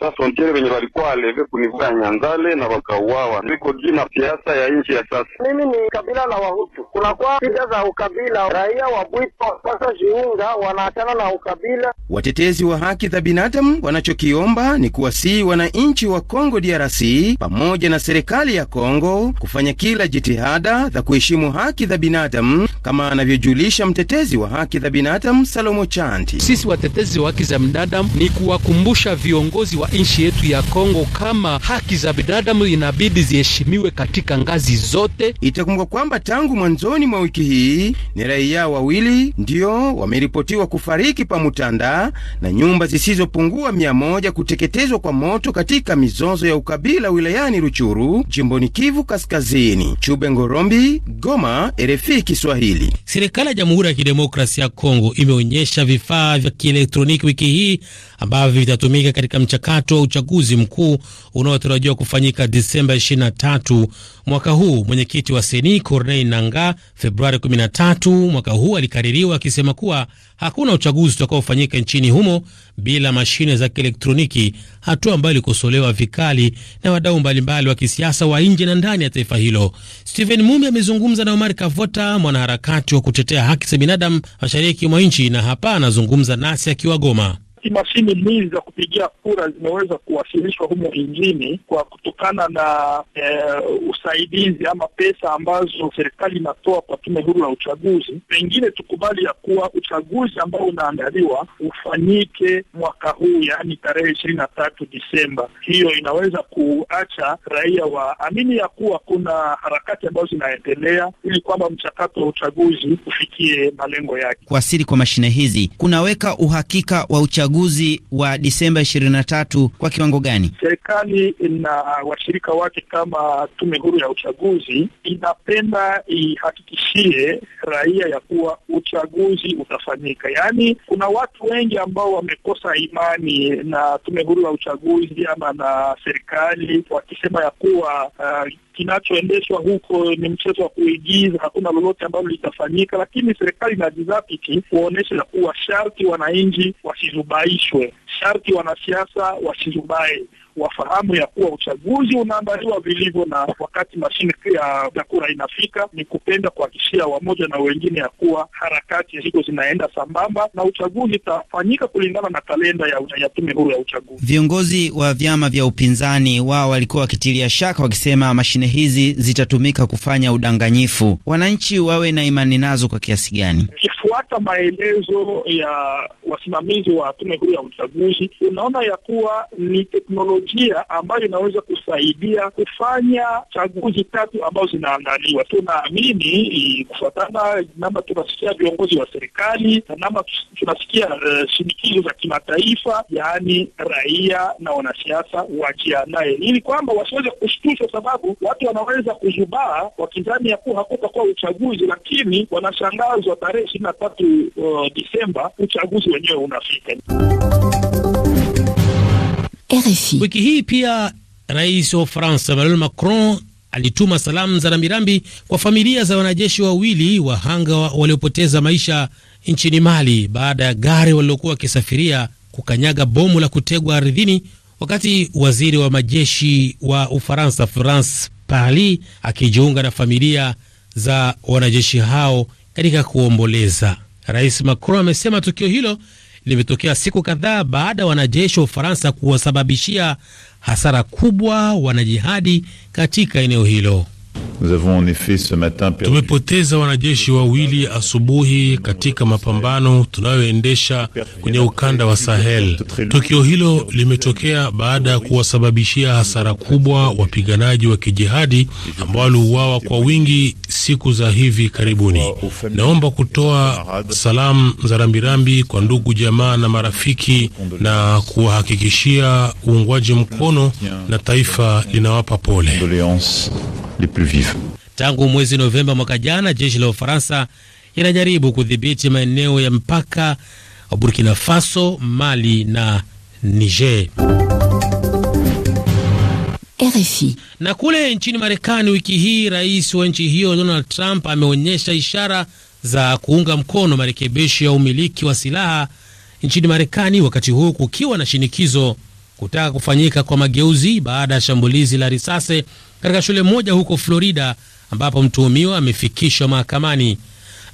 sa frontiere wenyewe wenye walikuwa aleve kunivua nyanzale na wakauawa, liko jina siasa ya nchi ya sasa. Mimi ni kabila la Wahutu, kunakuwa shida za ukabila, raia wa Bwito wapasa jiunga, wanaachana na ukabila. Watetezi wa haki za binadamu wanachokiomba ni kuwasihi wananchi wa Kongo DRC pamoja na serikali ya Kongo kufanya kila jitihada za kuheshimu haki za binadamu kama anavyojulisha mtetezi wa haki za binadamu Salomo Chanti. Sisi watetezi wa haki za binadamu ni kuwakumbusha viongozi wa nchi yetu yetu ya Kongo kama haki za binadamu inabidi ziheshimiwe katika ngazi zote. Itakumbuka kwamba tangu mwanzoni mwa wiki hii ni raia wawili ndio wameripotiwa kufariki pa Mutanda na nyumba zisizopungua mia moja kuteketezwa kwa moto katika mizozo ya ukabila wilayani Ruchuru, jimboni Kivu Kaskazini. Chube Ngorombi, Goma, RFI Kiswahili. Serikali ya Jamhuri ya Kidemokrasia ya Kongo imeonyesha vifaa vya kielektroniki wiki hii ambavyo vitatumika katika mchakato wa uchaguzi mkuu unaotarajiwa kufanyika Disemba 23 mwaka huu. Mwenyekiti wa Seni Corneille Nangaa, Februari 13 mwaka huu, alikaririwa akisema kuwa hakuna uchaguzi utakaofanyika nchini humo bila mashine za kielektroniki, hatua ambayo ilikosolewa vikali na wadau mbalimbali wa kisiasa wa nje na ndani ya taifa hilo. Stephen Mumbi amezungumza na Omar Kavota, mwanaharakati wa kutetea haki za binadamu mashariki mwa nchi, na hapa anazungumza nasi akiwa Goma mashini mbili za kupigia kura zimeweza kuwasilishwa humo nchini kwa kutokana na e, usaidizi ama pesa ambazo serikali inatoa kwa tume huru la uchaguzi. Pengine tukubali ya kuwa uchaguzi ambao unaandaliwa ufanyike mwaka huu, yaani tarehe ishirini na tatu Disemba. Hiyo inaweza kuacha raia wa amini ya kuwa kuna harakati ambazo zinaendelea ili kwamba mchakato wa uchaguzi ufikie malengo yake. Kuasili kwa mashine hizi kunaweka uhakika wa uchaguzi uchaguzi wa Disemba 23 kwa kiwango gani? Serikali na washirika wake kama tume huru ya uchaguzi inapenda ihakikishie raia ya kuwa uchaguzi utafanyika. Yaani, kuna watu wengi ambao wamekosa imani na tume huru ya uchaguzi ama na serikali wakisema ya kuwa uh, kinachoendeshwa huko ni mchezo wa kuigiza, hakuna lolote ambalo litafanyika. Lakini serikali inajizatiti kuonyesha kuwa sharti wananchi wasizubaishwe, sharti wanasiasa wasizubae wafahamu ya kuwa uchaguzi unaandaliwa vilivyo, na wakati mashine ya, ya kura inafika, ni kupenda kuhakishia wamoja na wengine ya kuwa harakati hizo zinaenda sambamba na uchaguzi itafanyika kulingana na kalenda ya, ya tume huru ya uchaguzi. Viongozi wa vyama vya upinzani wao walikuwa wakitilia shaka, wakisema mashine hizi zitatumika kufanya udanganyifu. Wananchi wawe na imani nazo kwa kiasi gani? ukifuata maelezo ya wasimamizi wa tume huru ya uchaguzi, unaona ya kuwa ni teknolojia ambayo inaweza kusaidia kufanya chaguzi tatu ambazo zinaandaliwa. Tunaamini kufuatana namba tunasikia viongozi wa serikali na namba tunasikia uh, shinikizo za kimataifa, yaani raia na wanasiasa wajiandae ili kwamba wasiweze kushtushwa, sababu watu wanaweza kuzubaa wakidhani ya kuwa hakutakuwa uchaguzi, lakini wanashangazwa tarehe ishirini na tatu uh, Disemba uchaguzi wenyewe unafika. RFI. Wiki hii pia Rais wa France Emmanuel Macron alituma salamu za rambirambi kwa familia za wanajeshi wawili wahanga waliopoteza maisha nchini Mali baada ya gari walilokuwa wakisafiria kukanyaga bomu la kutegwa ardhini, wakati waziri wa majeshi wa Ufaransa France Parly akijiunga na familia za wanajeshi hao katika kuomboleza. Rais Macron amesema tukio hilo limetokea siku kadhaa baada ya wanajeshi wa Ufaransa kuwasababishia hasara kubwa wanajihadi katika eneo hilo. Tumepoteza wanajeshi wawili asubuhi katika mapambano tunayoendesha kwenye ukanda wa Sahel. Tukio hilo limetokea baada ya kuwasababishia hasara kubwa wapiganaji wa kijihadi ambao waliuawa kwa wingi siku za hivi karibuni. Naomba kutoa salamu za rambirambi kwa ndugu, jamaa na marafiki na kuwahakikishia uungwaji mkono na taifa linawapa pole les plus vives. Tangu mwezi Novemba mwaka jana, jeshi la Ufaransa inajaribu kudhibiti maeneo ya mpaka wa Burkina Faso, Mali na Niger. RFI. Na kule nchini Marekani wiki hii, rais wa nchi hiyo Donald Trump ameonyesha ishara za kuunga mkono marekebisho ya umiliki wa silaha nchini Marekani, wakati huu kukiwa na shinikizo kutaka kufanyika kwa mageuzi baada ya shambulizi la risasi katika shule moja huko Florida ambapo mtuhumiwa amefikishwa mahakamani.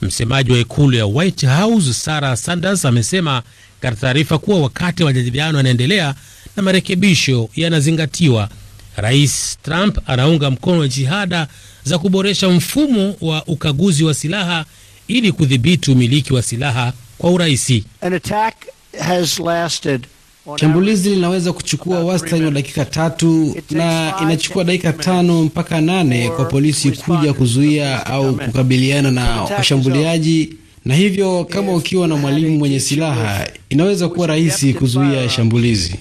Msemaji wa ikulu ya White House Sarah Sanders amesema katika taarifa kuwa wakati wa majadiliano yanaendelea na marekebisho yanazingatiwa, Rais Trump anaunga mkono jihada za kuboresha mfumo wa ukaguzi wa silaha ili kudhibiti umiliki wa silaha kwa urahisi. An attack has lasted Shambulizi linaweza kuchukua wastani wa dakika tatu na inachukua dakika tano mpaka nane kwa polisi kuja kuzuia au kukabiliana na washambuliaji, na hivyo kama ukiwa na mwalimu mwenye silaha inaweza kuwa rahisi kuzuia shambulizi.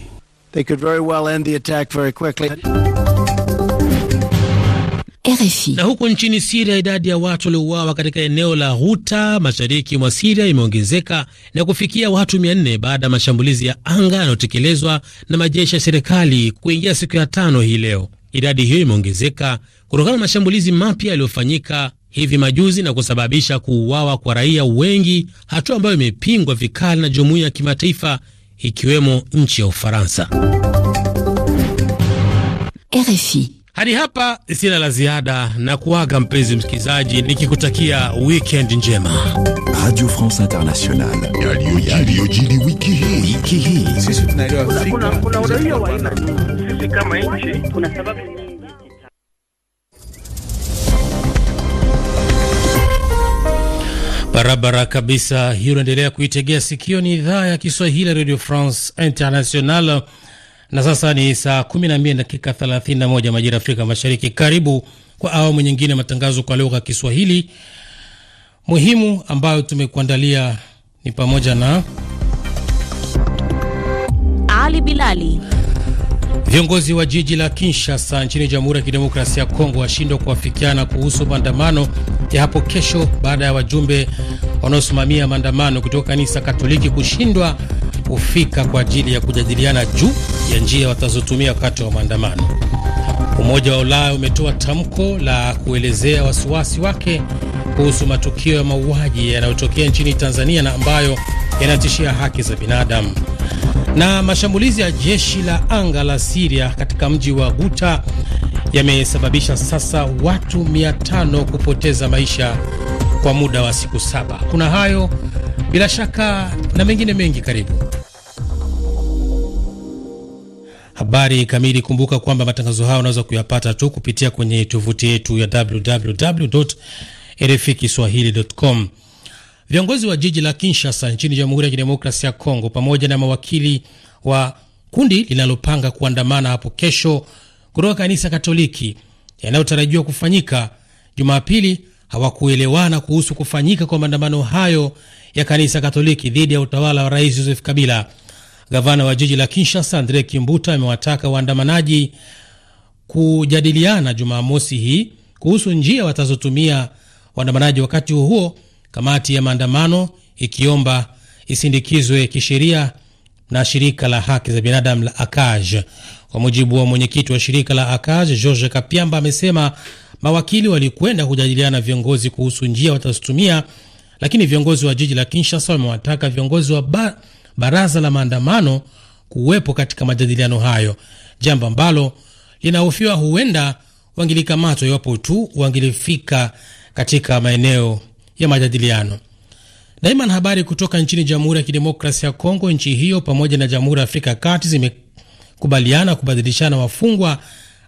They could very well end the attack very quickly. RFI. Na huko nchini Siria, idadi ya watu waliouawa katika eneo la Ghuta mashariki mwa Siria imeongezeka na kufikia watu 400 baada ya mashambulizi ya anga yanayotekelezwa na majeshi ya serikali kuingia siku ya tano hii leo. Idadi hiyo imeongezeka kutokana na mashambulizi mapya yaliyofanyika hivi majuzi na kusababisha kuuawa kwa raia wengi, hatua ambayo imepingwa vikali na jumuiya ya kimataifa ikiwemo nchi ya Ufaransa. RFI. Hadi hapa sina la ziada na kuaga, mpenzi msikilizaji, nikikutakia weekend njema. Radio France Internationale, yaliyojili wiki hii. Wiki hii sisi tunaelewa Afrika, kuna udhaifu wa aina nyingi. Sisi kama nchi, kuna sababu Barabara kabisa hiyo, unaendelea kuitegea sikio, ni idhaa ya Kiswahili ya Radio France International. Na sasa ni saa 12 dakika 31 majira Afrika Mashariki. Karibu kwa awamu nyingine matangazo kwa lugha ya Kiswahili. Muhimu ambayo tumekuandalia ni pamoja na Ali Bilali. Viongozi wa jiji la Kinshasa nchini Jamhuri ya Kidemokrasia ya Kongo washindwa kuafikiana kuhusu maandamano ya hapo kesho baada ya wajumbe wanaosimamia maandamano kutoka kanisa Katoliki kushindwa walipofika kwa ajili ya kujadiliana juu ya njia watazotumia wakati wa maandamano. Umoja wa Ulaya umetoa tamko la kuelezea wasiwasi wake kuhusu matukio ya mauaji yanayotokea nchini Tanzania na ambayo yanatishia haki za binadamu. Na mashambulizi ya jeshi la anga la Siria katika mji wa Guta yamesababisha sasa watu 500 kupoteza maisha kwa muda wa siku saba. Kuna hayo bila shaka na mengine mengi. Karibu habari kamili. Kumbuka kwamba matangazo haya unaweza kuyapata tu kupitia kwenye tovuti yetu ya www RFI Kiswahili.com. Viongozi wa jiji la Kinshasa nchini Jamhuri ya Kidemokrasia ya Kongo pamoja na mawakili wa kundi linalopanga kuandamana hapo kesho kutoka kanisa Katoliki yanayotarajiwa kufanyika Jumapili hawakuelewana kuhusu kufanyika kwa maandamano hayo ya kanisa Katoliki dhidi ya utawala wa Rais Joseph Kabila. Gavana wa jiji la Kinshasa Andre Kimbuta amewataka waandamanaji kujadiliana Jumamosi hii kuhusu njia watazotumia waandamanaji. Wakati huo kamati ya maandamano ikiomba isindikizwe kisheria na shirika la haki za binadamu la ACAJ. Kwa mujibu wa mwenyekiti wa shirika la ACAJ George Kapiamba, amesema mawakili walikwenda kujadiliana na viongozi kuhusu njia watazotumia lakini viongozi wa jiji la Kinshasa wamewataka viongozi wa ba, baraza la maandamano kuwepo katika majadiliano hayo, jambo ambalo linahofiwa huenda wangelikamatwa iwapo tu wangelifika katika maeneo ya majadiliano. Daima habari kutoka nchini Jamhuri ya Kidemokrasia ya Kongo. Nchi hiyo pamoja na Jamhuri ya Afrika ya Kati zimekubaliana kubadilishana wafungwa,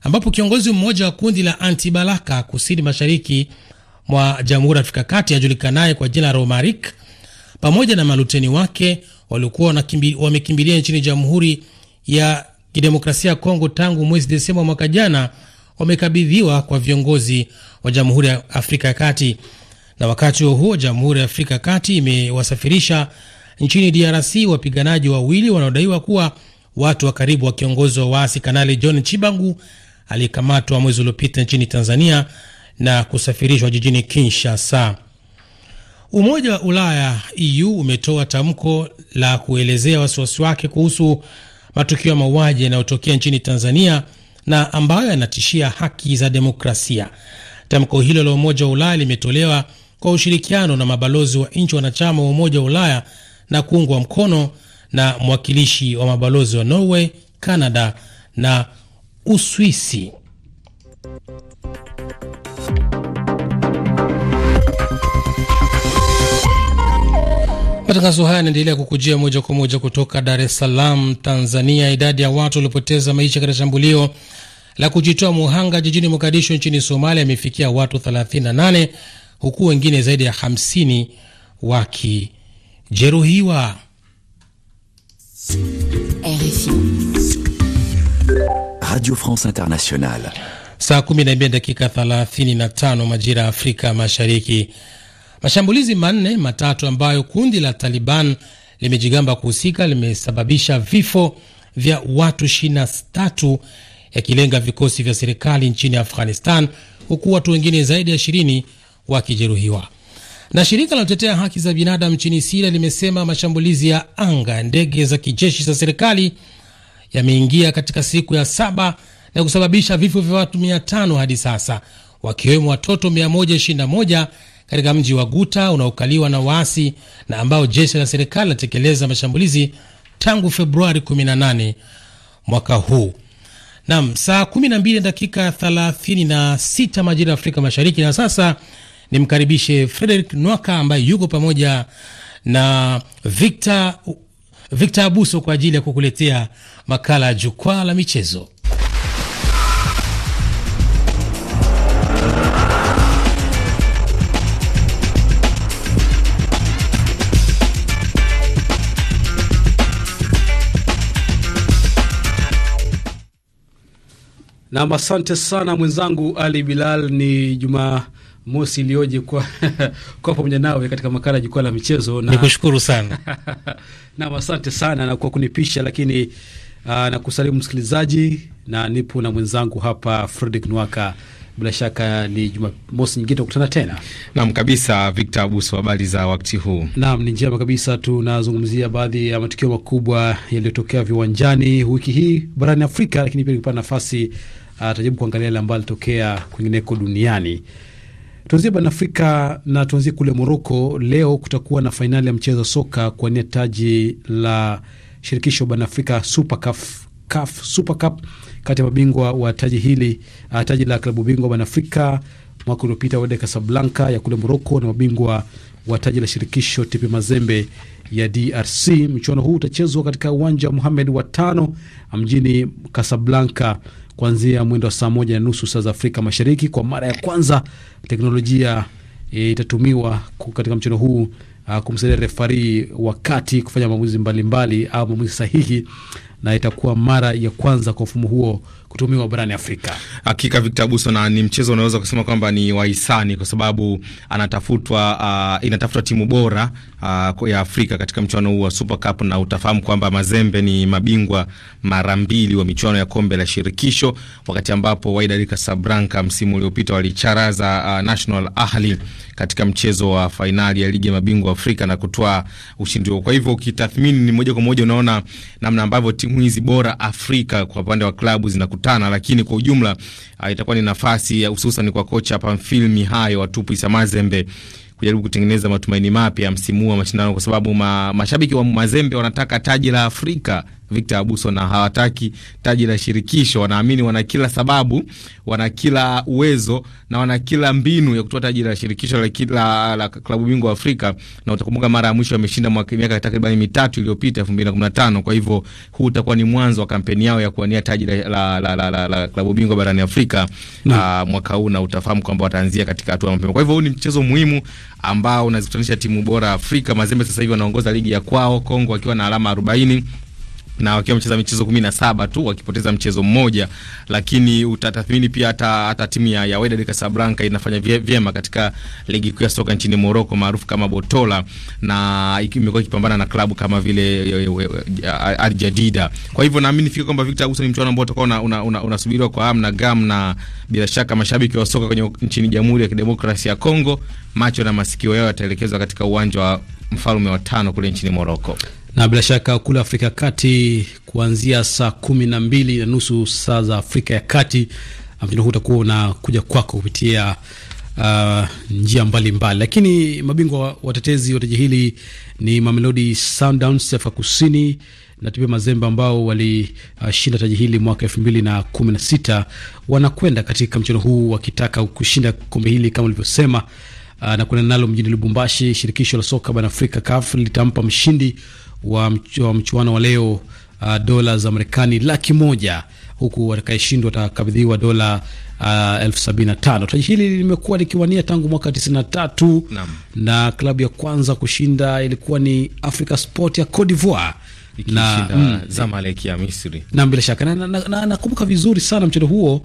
ambapo kiongozi mmoja wa kundi la Antibalaka kusini mashariki mwa Jamhuri ya Afrika Kati ajulikanaye kwa jina Romaric pamoja na maluteni wake waliokuwa wamekimbilia nchini Jamhuri ya Kidemokrasia ya Kongo tangu mwezi Desemba mwaka jana wamekabidhiwa kwa viongozi wa Jamhuri ya Afrika ya Kati. Na wakati huo huo, Jamhuri ya Afrika ya Kati imewasafirisha nchini DRC wapiganaji wawili wanaodaiwa kuwa watu wa karibu wa kiongozi wa waasi Kanali John Chibangu aliyekamatwa mwezi uliopita nchini Tanzania na kusafirishwa jijini Kinshasa. Umoja wa Ulaya EU umetoa tamko la kuelezea wasiwasi wake kuhusu matukio ya mauaji yanayotokea nchini Tanzania na ambayo yanatishia haki za demokrasia. Tamko hilo la Umoja wa Ulaya limetolewa kwa ushirikiano na mabalozi wa nchi wanachama wa Umoja wa Ulaya na kuungwa mkono na mwakilishi wa mabalozi wa Norway, Canada na Uswisi. Matangazo haya yanaendelea kukujia moja kwa moja kutoka Dar es Salaam, Tanzania. Idadi ya watu waliopoteza maisha katika shambulio la kujitoa muhanga jijini Mogadisho nchini Somalia imefikia watu 38 huku wengine zaidi ya 50 wakijeruhiwa. Radio France Internationale, saa 12 dakika 35 majira ya Afrika Mashariki. Mashambulizi manne matatu ambayo kundi la Taliban limejigamba kuhusika limesababisha vifo vya watu 23 yakilenga vikosi vya serikali nchini Afghanistan, huku watu wengine zaidi ya ishirini wakijeruhiwa. Na shirika la kutetea haki za binadamu nchini Siria limesema mashambulizi ya anga ya ndege za kijeshi za serikali yameingia katika siku ya saba na kusababisha vifo vya watu 500 hadi sasa, wakiwemo watoto 121 katika mji wa Guta unaokaliwa na waasi na ambao jeshi la serikali linatekeleza mashambulizi tangu Februari 18 mwaka huu. Nam, saa 12 dakika 36 majira ya Afrika Mashariki. Na sasa nimkaribishe Frederick Nwaka ambaye yuko pamoja na Victor, Victor Abuso kwa ajili ya kukuletea makala ya jukwaa la michezo. Nam, asante sana mwenzangu Ali Bilal. Ni Jumaa mosi iliyoje kwa kwa pamoja nawe katika makala ya jukwaa la michezo na nikushukuru sana nam, asante sana na kwa kunipisha, lakini uh, ah, nakusalimu msikilizaji, na nipo na mwenzangu hapa Fredrick Nwaka bila shaka ni Jumamosi nyingine tukutana tena. Naam kabisa, Victor Abuso, habari za wakati huu? Naam, ni njema kabisa. Tunazungumzia baadhi ya matukio makubwa yaliyotokea viwanjani wiki hii barani Afrika, lakini pia nikipata nafasi atajaribu ah, uh, kuangalia yale ambayo yalitokea kwingineko duniani. Tuanzie barani Afrika na tuanzie kule Moroko. Leo kutakuwa na fainali ya mchezo wa soka kuwania taji la shirikisho barani Afrika, Super Cup CAF Super Cup kati ya mabingwa wa taji hili uh, taji la klabu bingwa barani Afrika mwaka uliopita Wydad Casablanca ya kule Morocco na mabingwa wa taji la shirikisho TP Mazembe ya DRC. Mchuano huu utachezwa katika uwanja wa Mohamed wa tano uh, mjini Casablanca kuanzia mwendo wa saa moja na nusu saa za Afrika Mashariki. Kwa mara ya kwanza teknolojia e, itatumiwa katika mchuano huu uh, kumsaidia refari wakati kufanya maamuzi mbalimbali au maamuzi sahihi na itakuwa mara ya kwanza kwa mfumo huo kutumiwa barani Afrika. Hakika Victor Abuso, na ni mchezo unaweza kusema kwamba ni wahisani kwa sababu anatafutwa, uh, inatafutwa timu bora uh, ya Afrika katika mchuano huu wa Super Cup, na utafahamu kwamba Mazembe ni mabingwa mara mbili wa michuano ya kombe la shirikisho, wakati ambapo Wydad Casablanca msimu uliopita walicharaza uh, National Ahli katika mchezo wa fainali ya ligi ya mabingwa Afrika na kutoa ushindi huo. Kwa hivyo ukitathmini, ni moja kwa moja unaona namna ambavyo timu hizi bora Afrika kwa upande wa klabu zinakutana, lakini kwa ujumla uh, itakuwa ni nafasi hususan kwa kocha Pamphile Mihayo wa TP Mazembe kujaribu kutengeneza matumaini mapya msimu wa mashindano, kwa sababu ma, mashabiki wa Mazembe wanataka taji la Afrika Victor Abuso, na hawataki taji la shirikisho. Wanaamini wana kila sababu, wana kila uwezo na wana kila mbinu ya kutoa taji la shirikisho la, la, la klabu bingwa Afrika, na utakumbuka mara ya mwisho wameshinda miaka takriban mitatu iliyopita 2015. Kwa hivyo huu utakuwa ni mwanzo wa kampeni yao ya kuwania taji la, la, la, la, la, la klabu bingwa barani Afrika mm. Uh, mwaka huu na utafahamu kwamba wataanzia katika hatua mapema. Kwa hivyo huu ni mchezo muhimu ambao unazikutanisha timu bora Afrika. Mazembe sasa hivi wanaongoza ligi ya kwao Kongo akiwa na alama 40 na wakiwa wamecheza michezo kumi na saba tu wakipoteza mchezo mmoja, lakini utatathmini pia hata hata timu ya, ya Wydad Casablanca inafanya vyema katika ligi kuu ya soka nchini Morocco maarufu kama Botola, na imekuwa ikipambana na klabu kama vile e, e, Al Jadida. Kwa hivyo naamini fika kwamba Victor Abuso ni mchuano ambao utakuwa unasubiriwa una, una, una kwa hamu na gamu, na bila shaka mashabiki wa soka kwenye nchini Jamhuri ya Kidemokrasia ya Kongo macho na masikio yao yataelekezwa katika uwanja wa mfalme wa tano kule nchini Morocco na bila shaka kule Afrika Kati kuanzia saa kumi na mbili na nusu saa za Afrika ya Kati, mtindo huu utakuwa unakuja kwako kupitia uh, njia mbalimbali mbali. Lakini mabingwa watetezi wa taji hili ni Mamelodi Sundowns Afrika Kusini na TP Mazembe ambao walishinda uh, taji hili mwaka elfu mbili na kumi na sita wanakwenda katika mchezo huu wakitaka kushinda kombe hili kama ulivyosema. Uh, na kuna nalo mjini Lubumbashi, shirikisho la soka barani Afrika CAF litampa mshindi wa, mchuano wa leo uh, dola za Marekani laki moja huku watakayeshindwa watakabidhiwa dola uh, elfu sabini na tano. Taji hili limekuwa likiwania tangu mwaka tisini na tatu na klabu ya kwanza kushinda ilikuwa ni Africa Sport ya Cote d'Ivoire na, mm, Zamalek ya Misri. Na bila shaka nakumbuka na, na, na, vizuri sana mchezo huo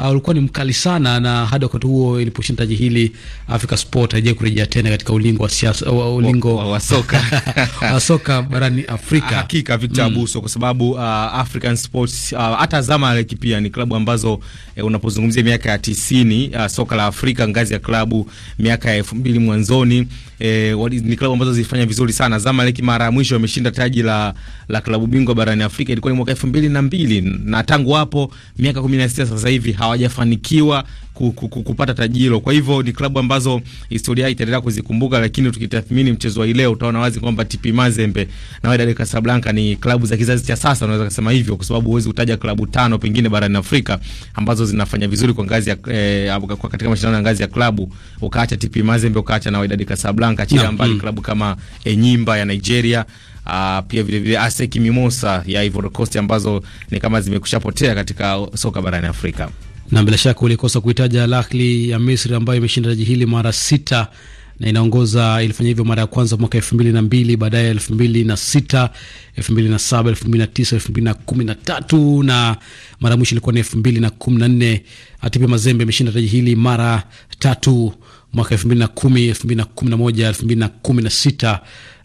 Ah, ulikuwa ni mkali sana, na hadi wakati huo iliposhinda taji hili Africa Sport haijai kurejea tena katika ulingo wa siasa, ulingo wa soka wa soka barani Afrika. Ah, hakika Victor mm. Abuso, kwa sababu uh, African Sports hata uh, Zamalek pia ni klabu ambazo eh, unapozungumzia miaka ya 90 uh, soka la Afrika ngazi ya klabu miaka ya 2000 mwanzoni eh, ni klabu ambazo zilifanya vizuri sana. Zamalek mara ya mwisho wameshinda taji la, la klabu bingwa barani Afrika ilikuwa ni mwaka elfu mbili na mbili na tangu hapo miaka kumi na sita sasa hivi hawajafanikiwa kupata taji hilo. Kwa hivyo ni klabu ambazo historia itaendelea kuzikumbuka, lakini tukitathmini mchezo wa leo utaona wazi kwamba TP Mazembe na Wydad Casablanca ni klabu za kizazi cha sasa, unaweza kusema hivyo, kwa sababu huwezi kutaja klabu tano pengine barani Afrika ambazo zinafanya vizuri kwa ngazi ya eh, kwa katika mashindano ya ngazi ya klabu, ukaacha TP Mazembe, ukaacha na Wydad Casablanca, chini no, ambali mm. klabu kama Enyimba eh, ya Nigeria Uh, pia vile vile Asec Mimosa ya Ivory Coast ambazo ni kama zimekushapotea katika soka barani Afrika. Na bila shaka ulikosa kuitaja Al Ahly ya Misri ambayo imeshinda taji hili mara sita na inaongoza. Ilifanya hivyo mara ya kwanza mwaka elfu mbili na mbili, baadaye elfu mbili na sita, elfu mbili na saba, elfu mbili na tisa, elfu mbili na kumi na tatu na mara mwisho ilikuwa ni elfu mbili na kumi na nne. Atipe Mazembe imeshinda taji hili mara tatu mwaka elfu mbili na kumi, elfu mbili na kumi na moja, elfu mbili na kumi na sita.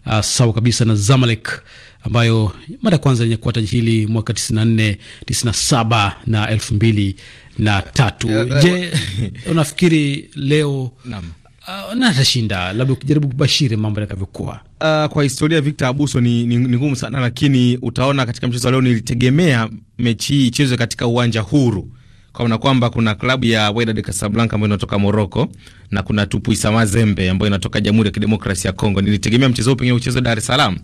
Uh, sawa kabisa na Zamalek ambayo mara ya kwanza yenye kuwa taji hili mwaka tisini na nne, tisini na saba na elfu mbili na tatu. Je, unafikiri leo uh, labda ukijaribu kubashiri mambo yatakavyokuwa? Uh, kwa historia Victor Abuso ni, ni, ni ngumu sana, lakini utaona katika mchezo leo nilitegemea mechi hii ichezwe katika uwanja huru kwa maana kwamba kuna klabu ya Wydad Casablanca ambayo inatoka Morocco na kuna Tupuisa Mazembe ambayo inatoka Jamhuri ya Kidemokrasia ya Kongo. Nilitegemea mchezo huu pengine uchezwe Dar es Salaam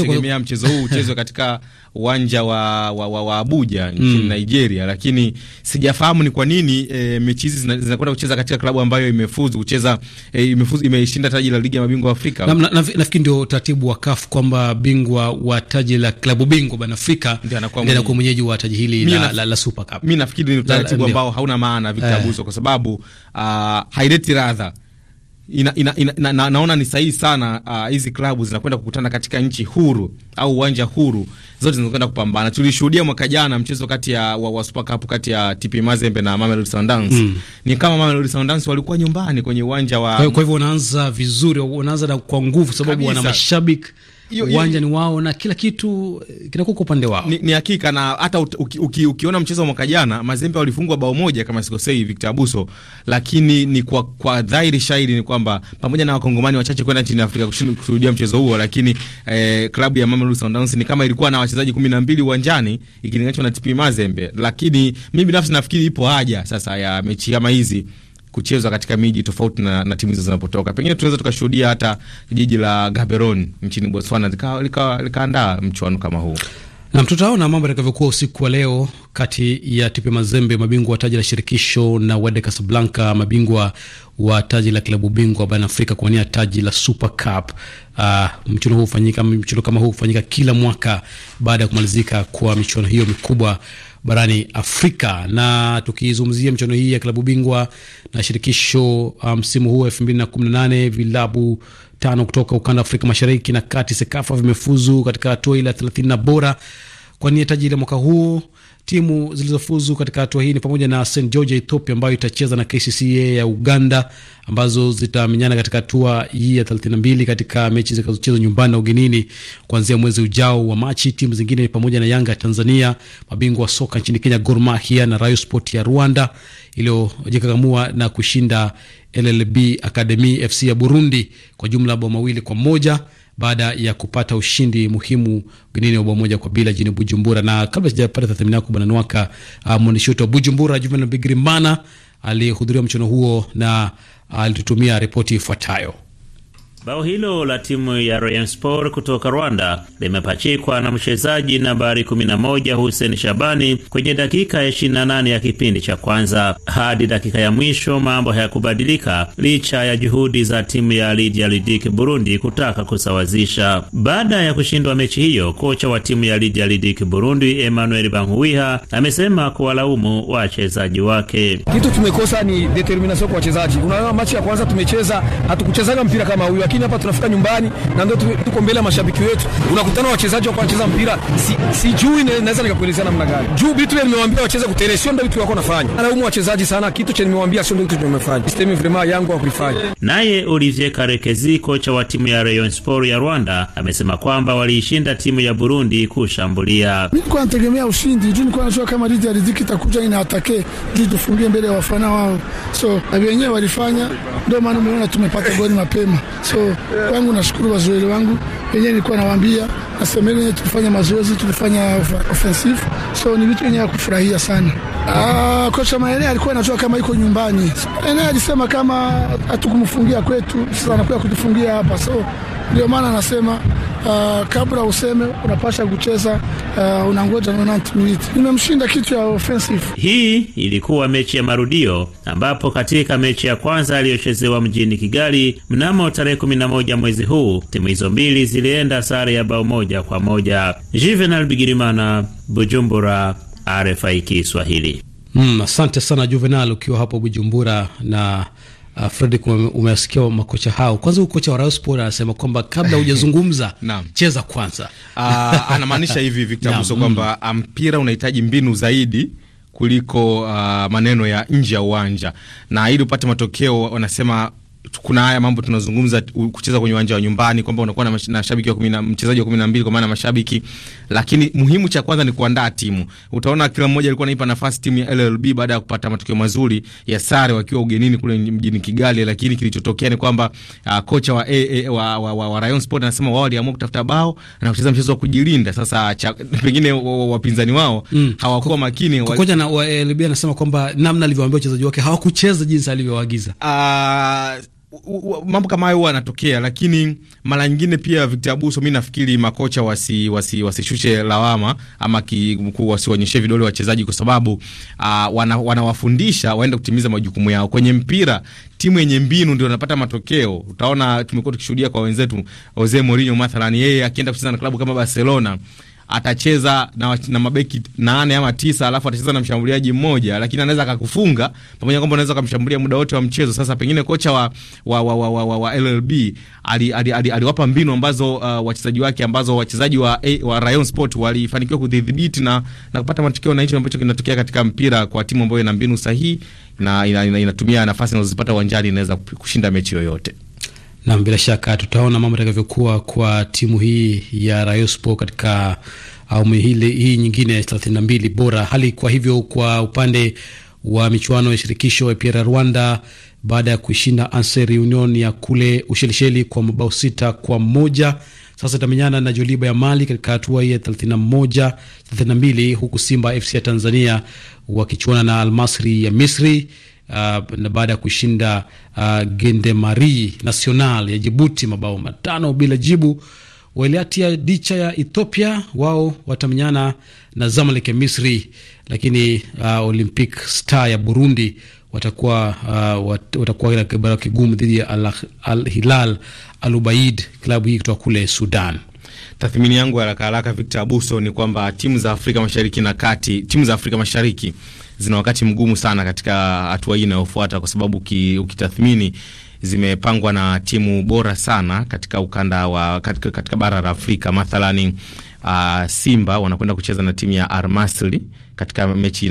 tegemea mchezo huu uchezwe katika uwanja wa, wa, wa, wa Abuja mm. nchini mm. Nigeria, lakini sijafahamu ni kwa nini e, mechi hizi zinakwenda kucheza katika klabu ambayo imefuzu kucheza e, imefuzu imeshinda taji la ligi ya mabingwa Afrika. Na, na, na, nafikiri ndio utaratibu wa CAF kwamba bingwa wa taji la klabu bingwa bana Afrika ndio anakuwa mwenyeji wa taji hili la, la, la, Super Cup. Mimi nafikiri ni utaratibu ambao hauna maana vitabuzo eh, kwa sababu uh, haileti radha ina, ina, ina, na, na, naona ni sahihi sana ah, hizi uh, klabu zinakwenda kukutana katika nchi huru au uwanja huru, zote zinakwenda kupambana. Tulishuhudia mwaka jana mchezo kati ya wa, wa Super Cup kati ya TP Mazembe na Mamelodi Sundowns mm. Ni kama Mamelodi Sundowns walikuwa nyumbani kwenye uwanja wa, kwa hivyo wanaanza vizuri, wanaanza na kwa nguvu, sababu wana mashabiki uwanja ni wao na kila kitu eh, kinakuwa kwa upande wao. Ni, ni hakika na hata uki, uki, ukiona mchezo wa mwaka jana Mazembe walifungwa bao moja kama sikosei, Victor Abuso, lakini ni kwa, kwa dhahiri shahidi ni kwamba pamoja na wakongomani wachache kwenda nchini Afrika kushuhudia mchezo huo, lakini eh, klabu ya Mamelodi Sundowns ni kama ilikuwa na wachezaji 12 uwanjani ikilinganishwa na TP Mazembe, lakini mimi binafsi nafikiri ipo haja sasa ya mechi kama hizi kuchezwa katika miji tofauti na, na timu hizo zinapotoka. Pengine tunaweza tukashuhudia hata jiji la Gaborone nchini Botswana likaandaa lika, lika mchuano kama huu. Nam, tutaona mambo yatakavyokuwa usiku wa leo kati ya TP Mazembe, mabingwa wa taji la shirikisho, na Wydad Casablanca, mabingwa wa taji la klabu bingwa barani Afrika kuwania taji la Super Cup. Uh, mchuano huu hufanyika, mchuano kama huu hufanyika kila mwaka baada ya kumalizika kwa michuano hiyo mikubwa barani Afrika. Na tukizungumzia michuano hii ya klabu bingwa na shirikisho ah, msimu um, huu elfu mbili na kumi na nane vilabu tano kutoka ukanda wa Afrika Mashariki na Kati, SEKAFA, vimefuzu katika hatua ile ya thelathini na bora kwa nia taji la mwaka huu. Timu zilizofuzu katika hatua hii ni pamoja na St George Ethiopia ambayo itacheza na KCCA ya Uganda ambazo zitamenyana katika hatua hii ya 32 katika mechi zitakazochezwa nyumbani na ugenini kuanzia mwezi ujao wa Machi. Timu zingine ni pamoja na Yanga ya Tanzania, mabingwa wa soka nchini Kenya Gor Mahia na Rayon Sport ya Rwanda iliyojikakamua na kushinda LLB Academy FC ya Burundi kwa jumla bao mawili kwa moja baada ya kupata ushindi muhimu ugenini wa bao moja kwa bila jini Bujumbura. Na kabla sijapata tathmini yako bwana Nwaka, uh, mwandishi wetu wa Bujumbura Juvenal Bigirimana alihudhuria mchono huo na alitutumia ripoti ifuatayo. Bao hilo la timu ya Rayon Sport kutoka Rwanda limepachikwa na mchezaji nambari 11 Hussein Shabani kwenye dakika ya 28 ya kipindi cha kwanza. Hadi dakika ya mwisho mambo hayakubadilika licha ya juhudi za timu ya lidia Lidik Burundi kutaka kusawazisha. Baada ya kushindwa mechi hiyo, kocha wa timu ya Lydia Lidik Burundi Emmanuel Banguiha amesema kuwalaumu wachezaji wake. Kitu tumekosa ni determination kwa wachezaji. Unaona, mechi ya kwanza tumecheza hatukuchezaga mpira kama huyo lakini hapa tunafika nyumbani na ndio tuko mbele ya mashabiki wetu. Unakutana wachezaji wa kucheza mpira, sijui si naweza nikakuelezea namna gani juu bitu ya nimewaambia wacheze kutere, sio ndio vitu wako nafanya. Anaumu wachezaji sana, kitu cha nimewaambia sio ndio kitu nimefanya, sistemi vrema yangu wa kuifanya. Naye Olivier Karekezi, kocha wa timu ya Rayon Sport ya Rwanda, amesema kwamba waliishinda timu ya Burundi kushambulia. Mimi nilikuwa nategemea ushindi juu nilikuwa najua kama Lydie ya Riziki itakuja ina atake juu tufungie mbele ya wafana wao, so na wenyewe walifanya, ndio maana umeona tumepata goli mapema so wangu nashukuru wazoezi wangu wenyewe, nilikuwa nawaambia nasema ile tulifanya mazoezi tulifanya offensive, so ni vitu yenye ya kufurahia sana. Ah, kocha Maene alikuwa anajua kama iko nyumbani. Maene alisema kama hatukumfungia kwetu, sasa anakuja kutufungia hapa so ndio maana anasema uh, kabla useme unapasha kucheza uh, unangoja minutes. Nimemshinda kitu ya offensive. Hii ilikuwa mechi ya marudio ambapo katika mechi ya kwanza aliyochezewa mjini Kigali mnamo tarehe 11 mwezi huu timu hizo mbili zilienda sare ya bao moja kwa moja. Juvenal Bigirimana, Bujumbura, RFI Kiswahili. Mm, asante sana Juvenal ukiwa hapo Bujumbura na Uh, Fredrick, umesikia makocha hao. Kwanza kocha wa Rayon Sports anasema kwamba kabla hujazungumza cheza kwanza. Uh, anamaanisha hivi Victor Muso kwamba mm. uh, mpira unahitaji mbinu zaidi kuliko uh, maneno ya nje ya uwanja, na ili upate matokeo wanasema kuna haya mambo tunazungumza kucheza kwenye uwanja wa nyumbani kwamba unakuwa na, mashabiki wa 10 mchezaji wa 12 kwa maana mashabiki, lakini muhimu cha kwanza ni kuandaa timu. Utaona kila mmoja alikuwa anaipa nafasi timu ya LLB baada ya kupata matokeo mazuri ya sare wakiwa ugenini kule mjini Kigali, lakini kilichotokea ni kwamba uh, kocha wa, e, e, wa, wa, wa, wa Rayon Sport anasema wao waliamua kutafuta bao na kucheza mchezo wa kujilinda. Sasa cha, pengine wapinzani wao mm, hawakuwa makini wa... kocha na wa LLB anasema kwamba namna alivyowaambia wachezaji wake hawakucheza jinsi alivyowaagiza uh, mambo kama hayo yanatokea, lakini mara nyingine pia Victor Abuso, mimi nafikiri makocha wasishushe wasi, wasishushe lawama ama wasionyeshe vidole wachezaji, kwa sababu ah, wanawafundisha wana waende kutimiza majukumu yao kwenye mpira. Timu yenye mbinu ndio anapata matokeo. Utaona tumekuwa tukishuhudia kwa wenzetu Jose Mourinho mathalani, yeye akienda kucheza na klabu kama Barcelona atacheza na, na mabeki nane ama tisa, alafu atacheza na mshambuliaji mmoja, lakini anaweza akakufunga pamoja kwamba unaweza kamshambulia muda wote wa mchezo. Sasa pengine kocha wa wa wa, wa, wa, wa, wa LLB aliwapa ali, ali, ali mbinu ambazo uh, wachezaji wake ambazo wachezaji wa, wa Rayon Sport walifanikiwa kudhibiti na, na kupata matokeo, na hicho ambacho kinatokea katika mpira kwa timu ambayo ina mbinu sahihi na inatumia ina, ina, ina nafasi inazozipata uwanjani inaweza kushinda mechi yoyote. Nam, bila shaka tutaona mambo atakavyokuwa kwa timu hii ya Rayon Sports katika awamu hii nyingine 32 bora. Hali kwa hivyo kwa upande wa michuano ya shirikisho ya ya Rwanda baada ya kuishinda Anser Union ya kule Ushelisheli kwa mabao sita kwa moja sasa itamenyana na Joliba ya Mali katika hatua hii ya 31 32, huku Simba FC ya Tanzania wakichuana na Almasri ya Misri uh, na baada ya kushinda uh, Gendemari National ya Jibuti mabao matano bila jibu. Waliatia dicha ya Ethiopia wao watamenyana na Zamalek ya Misri, lakini uh, Olympic Star ya Burundi watakuwa uh, wat, watakuwa kibara kigumu dhidi ya Al, Al Hilal Al Ubaid, klabu hii kutoka kule Sudan. Tathmini yangu haraka haraka, Victor Abuso, ni kwamba timu za Afrika Mashariki na Kati, timu za Afrika Mashariki zina wakati mgumu sana katika hatua hii inayofuata, kwa sababu ki, ukitathmini zimepangwa na timu bora sana katika ukanda wa katika, katika bara la Afrika mathalani Uh, Simba wanakwenda kucheza na timu ya Al Masry katika mechi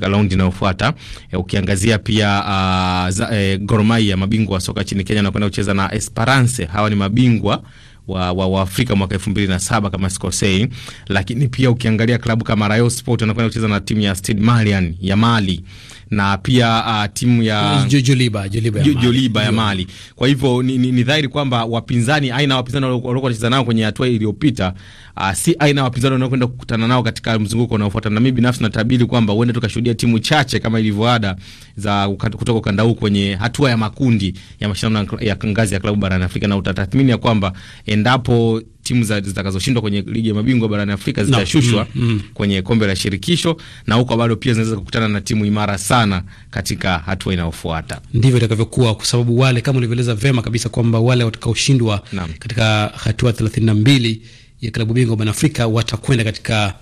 raundi inayofuata. E, ukiangazia pia uh, za, e, Gor Mahia mabingwa wa soka nchini Kenya wanakwenda kucheza na Esperance. Hawa ni mabingwa wa, wa, wa Afrika mwaka 2007 kama sikosei, lakini pia ukiangalia klabu kama Rayo Sport anakwenda kucheza na timu ya Stade Malien ya Mali na pia uh, timu ya Joliba Joliba ya, Joliba ya Mali. Kwa hivyo ni, ni, ni dhahiri kwamba wapinzani aina wapinzani waliokuwa wacheza nao kwenye hatua iliyopita uh, si aina ya wapinzani wanaokwenda kukutana nao katika mzunguko unaofuata, na mimi binafsi natabiri kwamba huenda tukashuhudia timu chache kama ilivyo ada za kutoka ukanda huu kwenye hatua ya makundi ya mashindano ya ngazi ya klabu barani Afrika, na utatathmini ya kwamba endapo timu zitakazoshindwa kwenye ligi ya mabingwa barani Afrika zitashushwa no. mm, mm. kwenye kombe la shirikisho na huko bado pia zinaweza kukutana na timu imara sana katika hatua inayofuata. Ndivyo itakavyokuwa kwa sababu wale kama ulivyoeleza vema kabisa kwamba wale watakaoshindwa katika hatua 32 ya klabu bingwa barani Afrika watakwenda katika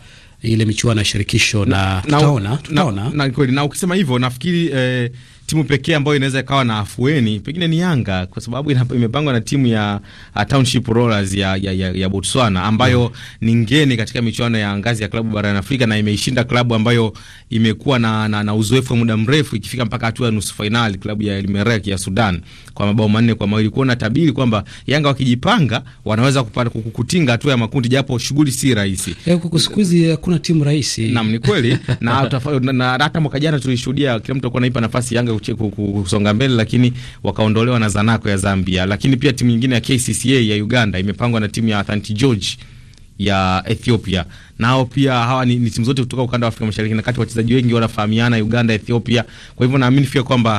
ile michuano ya shirikisho na, na tutaona tutaona na, na, na, na ukisema hivyo nafikiri eh, timu pekee ambayo inaweza ikawa na afueni pengine ni Yanga kwa sababu imepangwa na timu ya uh, Township Rollers ya, ya, ya, ya Botswana ambayo mm. ni ngeni katika michuano ya ngazi ya klabu barani Afrika na imeishinda klabu ambayo imekuwa na, na, na uzoefu wa muda mrefu ikifika mpaka hatua ya nusu fainali, klabu ya El Merreikh ya Sudan kwa mabao manne kwa mawili. Kuona tabiri kwamba Yanga wakijipanga wanaweza kupata kukutinga hatua ya makundi, japo shughuli si rahisi. Eh, siku hizi hakuna timu rahisi. Naam, ni kweli na hata mwaka jana tulishuhudia kila mtu alikuwa anaipa nafasi Yanga kusonga mbele, lakini wakaondolewa na Zanaco ya Zambia. Lakini pia timu nyingine ya KCCA ya Uganda imepangwa na timu ya Athletic George ya Ethiopia. Nao pia hawa ni, ni timu zote kutoka ukanda wa Afrika Mashariki na Kati, wachezaji wengi wanafahamiana Uganda, Ethiopia. Kwa hivyo naamini pia kwamba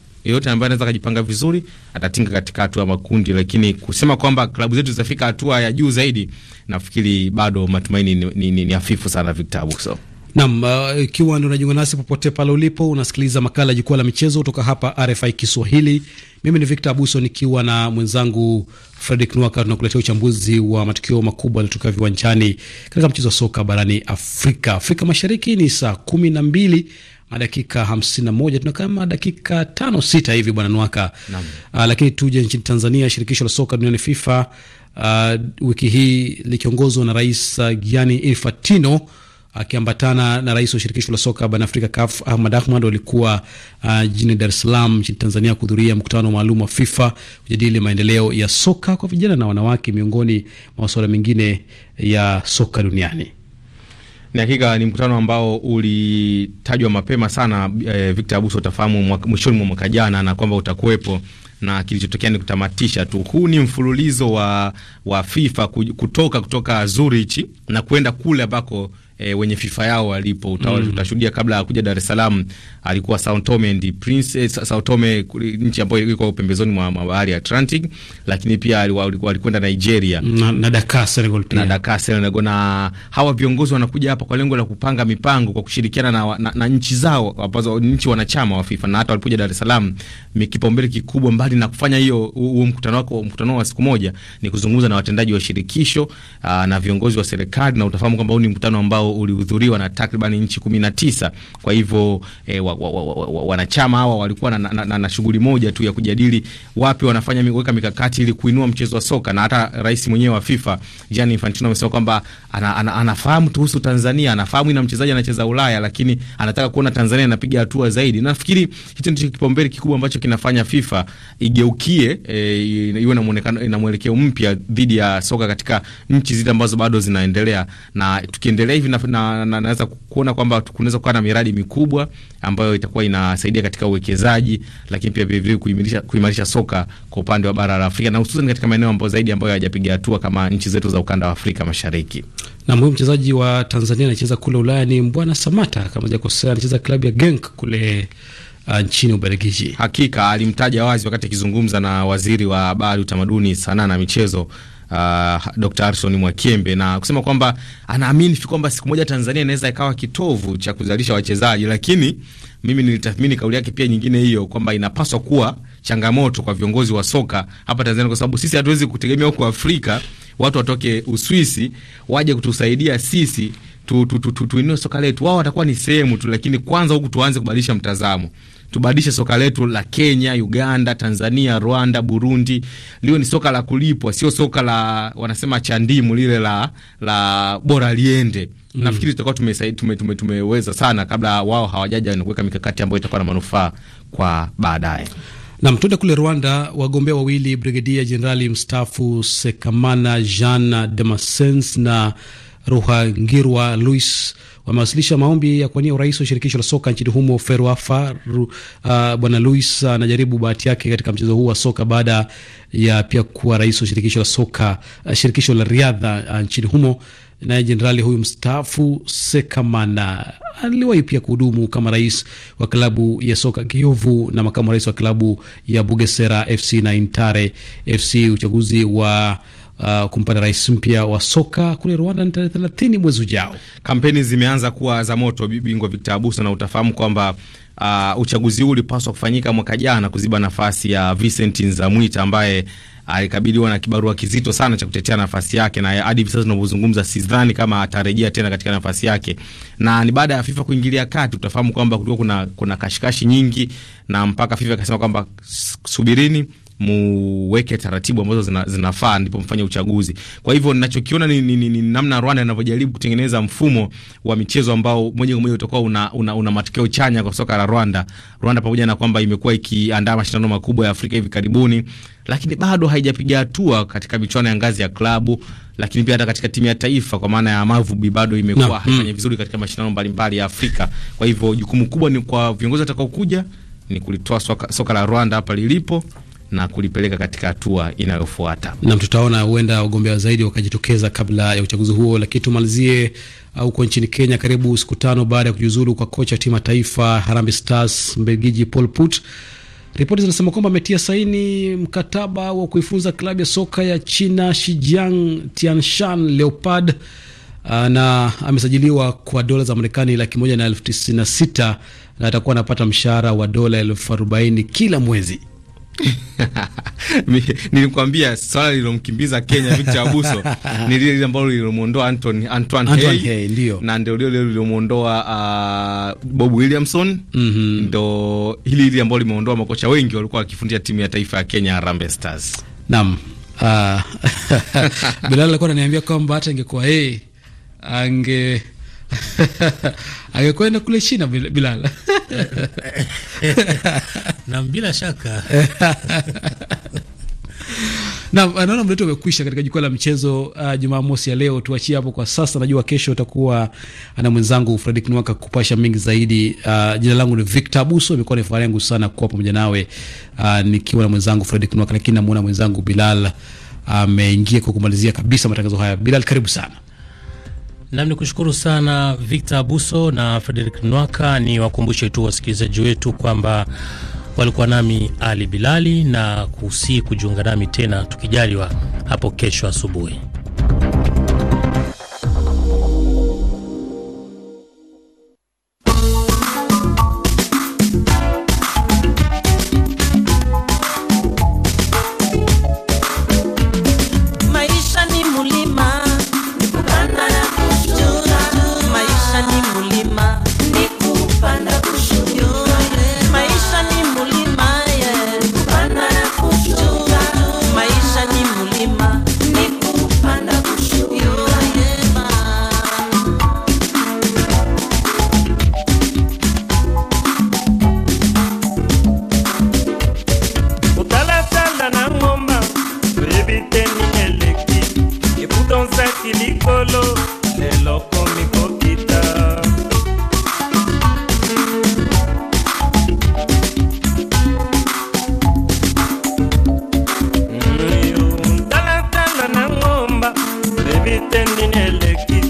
uh, yeyote ambaye anaweza akajipanga vizuri atatinga katika hatua ya makundi, lakini kusema kwamba klabu zetu zitafika hatua ya juu zaidi, nafikiri bado matumaini ni, ni, ni, ni hafifu sana, Victor Abuso. Nam, uh, ikiwa uh, ndio unajiunga nasi popote pale ulipo, unasikiliza makala ya jukwaa la michezo kutoka hapa RFI Kiswahili. Mimi ni Victor Abuso nikiwa na mwenzangu Fredrick Nwaka, tunakuletea uchambuzi wa matukio makubwa yaliyotokea viwanjani katika mchezo wa soka barani Afrika. Afrika Mashariki ni saa kumi na mbili na dakika hamsini na moja tuna kama dakika tano sita hivi bwana Nwaka. Uh, lakini tuje nchini Tanzania, shirikisho la soka duniani FIFA uh, wiki hii likiongozwa na Rais uh, Gianni Infantino akiambatana na rais wa shirikisho la soka barani Afrika CAF Ahmad Ahmad walikuwa uh, jijini uh, Dar es Salaam nchini Tanzania kuhudhuria mkutano maalum wa FIFA kujadili maendeleo ya soka kwa vijana na wanawake miongoni mwa masuala mengine ya soka duniani. Ni hakika ni mkutano ambao ulitajwa mapema sana eh, Victor Abuso, utafahamu mwishoni mwa mwaka jana na kwamba utakuwepo na kilichotokea ni kutamatisha tu. Huu ni mfululizo wa, wa FIFA kutoka kutoka Zurich na kwenda kule ambako e, wenye FIFA yao walipo. Mm. Utashuhudia mm. kabla ya kuja Dar es Salaam alikuwa Sao Tome and Prince, eh, Sao Tome nchi ambayo iko pembezoni mwa bahari ya Atlantic, lakini pia alikuwa alikwenda Nigeria na, na Dakar Senegal pia. Na Dakar Senegal na hawa viongozi wanakuja hapa kwa lengo la kupanga mipango kwa kushirikiana na, na, na nchi zao ambazo nchi wanachama wa FIFA na hata walipoja Dar es Salaam kipaumbele kikubwa mbali na kufanya hiyo huo mkutano wako mkutano wa siku moja ni kuzungumza na watendaji wa shirikisho aa, ah, na viongozi wa serikali na utafahamu kwamba huu ni mkutano ambao ambao ulihudhuriwa na takriban nchi kumi na tisa. Kwa hivyo e, wa, wa, wa, wa, wanachama hawa walikuwa na, na, na, na shughuli moja tu ya kujadili wapi wanafanya weka mikakati ili kuinua mchezo wa soka, na hata rais mwenyewe wa FIFA Gianni Infantino amesema kwamba ana, ana, anafahamu kuhusu Tanzania, anafahamu ina mchezaji anacheza Ulaya, lakini anataka kuona Tanzania inapiga hatua zaidi. Nafikiri hicho ndicho kipaumbele kikubwa ambacho kinafanya FIFA igeukie e, iwe na muonekano na mwelekeo mpya dhidi ya soka katika nchi zile ambazo bado zinaendelea, na tukiendelea hivi naweza na, na, na, kuona kwamba kunaweza kuwa na miradi mikubwa ambayo itakuwa inasaidia katika uwekezaji, lakini pia vilevile kuimarisha, soka kwa upande wa bara la Afrika na hususan katika maeneo ambayo zaidi ambayo hayajapiga hatua kama nchi zetu za ukanda wa Afrika Mashariki. Na huyu mchezaji wa Tanzania anacheza kule Ulaya ni Mbwana Samata, kama sijakosea, anacheza klabu ya Genk kule uh, nchini Ubelgiji. Hakika alimtaja wazi wakati akizungumza na waziri wa habari, utamaduni, sanaa na michezo uh, Dr. Arson Mwakembe na kusema kwamba anaamini kwamba siku moja Tanzania inaweza ikawa kitovu cha kuzalisha wachezaji, lakini mimi nilitathmini kauli yake pia nyingine hiyo kwamba inapaswa kuwa changamoto kwa viongozi wa soka hapa Tanzania, kwa sababu sisi hatuwezi kutegemea huko Afrika watu watoke Uswisi waje kutusaidia sisi tuinue tu, tu, tu, tu, soka letu. Wao watakuwa ni sehemu tu, lakini kwanza huku tuanze kubadilisha mtazamo tubadilishe soka letu la Kenya, Uganda, Tanzania, Rwanda, Burundi liwe ni soka la kulipwa, sio soka la wanasema chandimu lile la, la bora liende. Mm. Nafikiri tutakuwa tumeweza tume, tume, tume sana kabla wao hawajaja na kuweka mikakati ambayo itakuwa na manufaa kwa baadaye. Na mtunde kule Rwanda, wagombea wawili, Brigedia Jenerali mstaafu Sekamana Jean Damascene na Ruhangirwa Louis wamewasilisha maombi ya kuwania urais wa shirikisho la soka nchini humo FERWAFA. Uh, bwana Louis anajaribu bahati yake katika mchezo huu wa soka baada ya pia kuwa rais wa shirikisho la soka uh, shirikisho la riadha uh, nchini humo. Naye jenerali huyu mstaafu Sekamana aliwahi pia kuhudumu kama rais wa klabu ya soka Kiovu na makamu rais wa klabu ya Bugesera FC na Intare FC. Uchaguzi wa uh, kumpata rais mpya wa soka kule Rwanda ni tarehe thelathini mwezi ujao. Kampeni zimeanza kuwa za moto, bingwa Victor Abuso, na utafahamu kwamba uh, uchaguzi huu ulipaswa kufanyika mwaka jana kuziba nafasi ya Vincent Nzamwita ambaye alikabiliwa na kibarua kizito sana cha kutetea nafasi yake, na hadi hivi sasa tunavyozungumza, sidhani kama atarejea tena katika nafasi yake, na ni baada ya FIFA kuingilia kati. Utafahamu kwamba kulikuwa kuna, kuna kashikashi nyingi na mpaka FIFA ikasema kwamba subirini muweke taratibu ambazo zina, zinafaa ndipo mfanye uchaguzi. Kwa hivyo ninachokiona ni, ni, ni, ni namna Rwanda inavyojaribu kutengeneza mfumo wa michezo ambao moja kwa moja utakuwa una, una, una matokeo chanya kwa soka la Rwanda. Rwanda pamoja na kwamba imekuwa ikiandaa mashindano makubwa ya Afrika hivi karibuni, lakini bado haijapiga hatua katika michuano ya ngazi ya klabu, lakini pia hata katika timu ya taifa kwa maana ya Mavubi bado imekuwa no. mm. vizuri katika mashindano mbalimbali ya Afrika. Kwa hivyo jukumu kubwa ni kwa viongozi watakaokuja ni kulitoa soka, soka la Rwanda hapa lilipo na kulipeleka katika hatua inayofuata. Nam, tutaona huenda wagombea zaidi wakajitokeza kabla ya uchaguzi huo. Lakini tumalizie uh, huko nchini Kenya, karibu siku tano baada ya kujiuzulu kwa kocha timu ya taifa Harambee Stars Mbelgiji Paul Put, ripoti zinasema kwamba ametia saini mkataba wa kuifunza klabu ya soka ya China Shijiang Tianshan Leopard uh, na amesajiliwa kwa dola za Marekani laki moja na elfu tisini na sita na atakuwa anapata mshahara wa dola elfu arobaini kila mwezi. Nilikwambia swala lilomkimbiza Kenya Victor Abuso ni lile lile ambalo lilomwondoa Anton, Antoine, Antoine Hey, Hey ndio, na ndio lile lile lilomwondoa uh, ah, Bob Williamson mm -hmm. Ndo hili hili ambalo limeondoa makocha wengi walikuwa wakifundia timu ya taifa ya Kenya Harambee Stars. Naam. Uh, Bilal alikuwa ananiambia kwamba hata ingekuwa yeye ange angekwenda kule China Bilal nam bila shaka nam naona mletu umekwisha katika jukwaa la mchezo uh, Jumamosi ya leo. Tuachie hapo kwa sasa, najua kesho utakuwa na mwenzangu Fredrick Nwaka kupasha mengi zaidi. Uh, jina langu ni Victor Abuso, imekuwa ni fahari yangu sana kuwa pamoja nawe uh, nikiwa na mwenzangu Fredrick Nwaka, lakini namuona mwenzangu Bilal uh, ameingia uh, kwa kumalizia kabisa matangazo haya. Bilal, karibu sana. Nam ni kushukuru sana Victor Abuso na Frederick Nwaka. Ni wakumbushe tu wasikilizaji wetu kwamba walikuwa nami Ali Bilali na kusii kujiunga nami tena tukijaliwa hapo kesho asubuhi. Bir tendin elek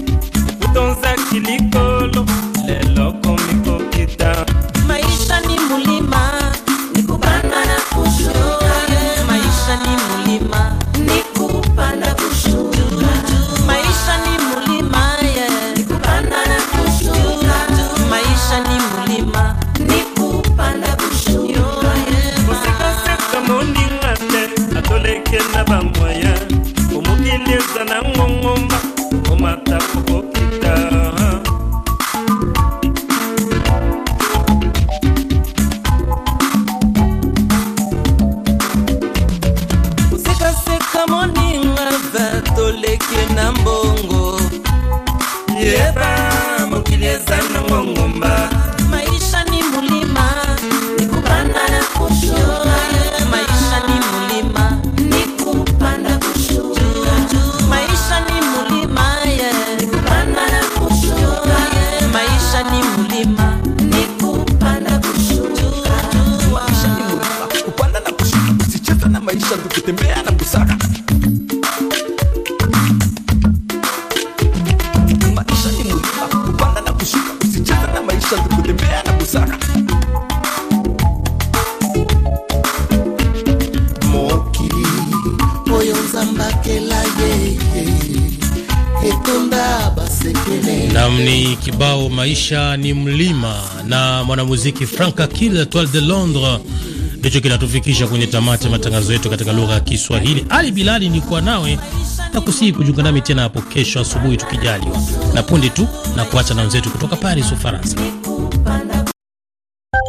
mwanamuziki Frank Akil Toile de Londres. Ndicho kinatufikisha kwenye tamati ya matangazo yetu katika lugha ya Kiswahili. Ali Bilali kuwa nawe na kusihi kujiunga nami tena hapo kesho asubuhi tukijaliwa, na punde tu na kuacha na wenzetu kutoka Paris, Ufaransa.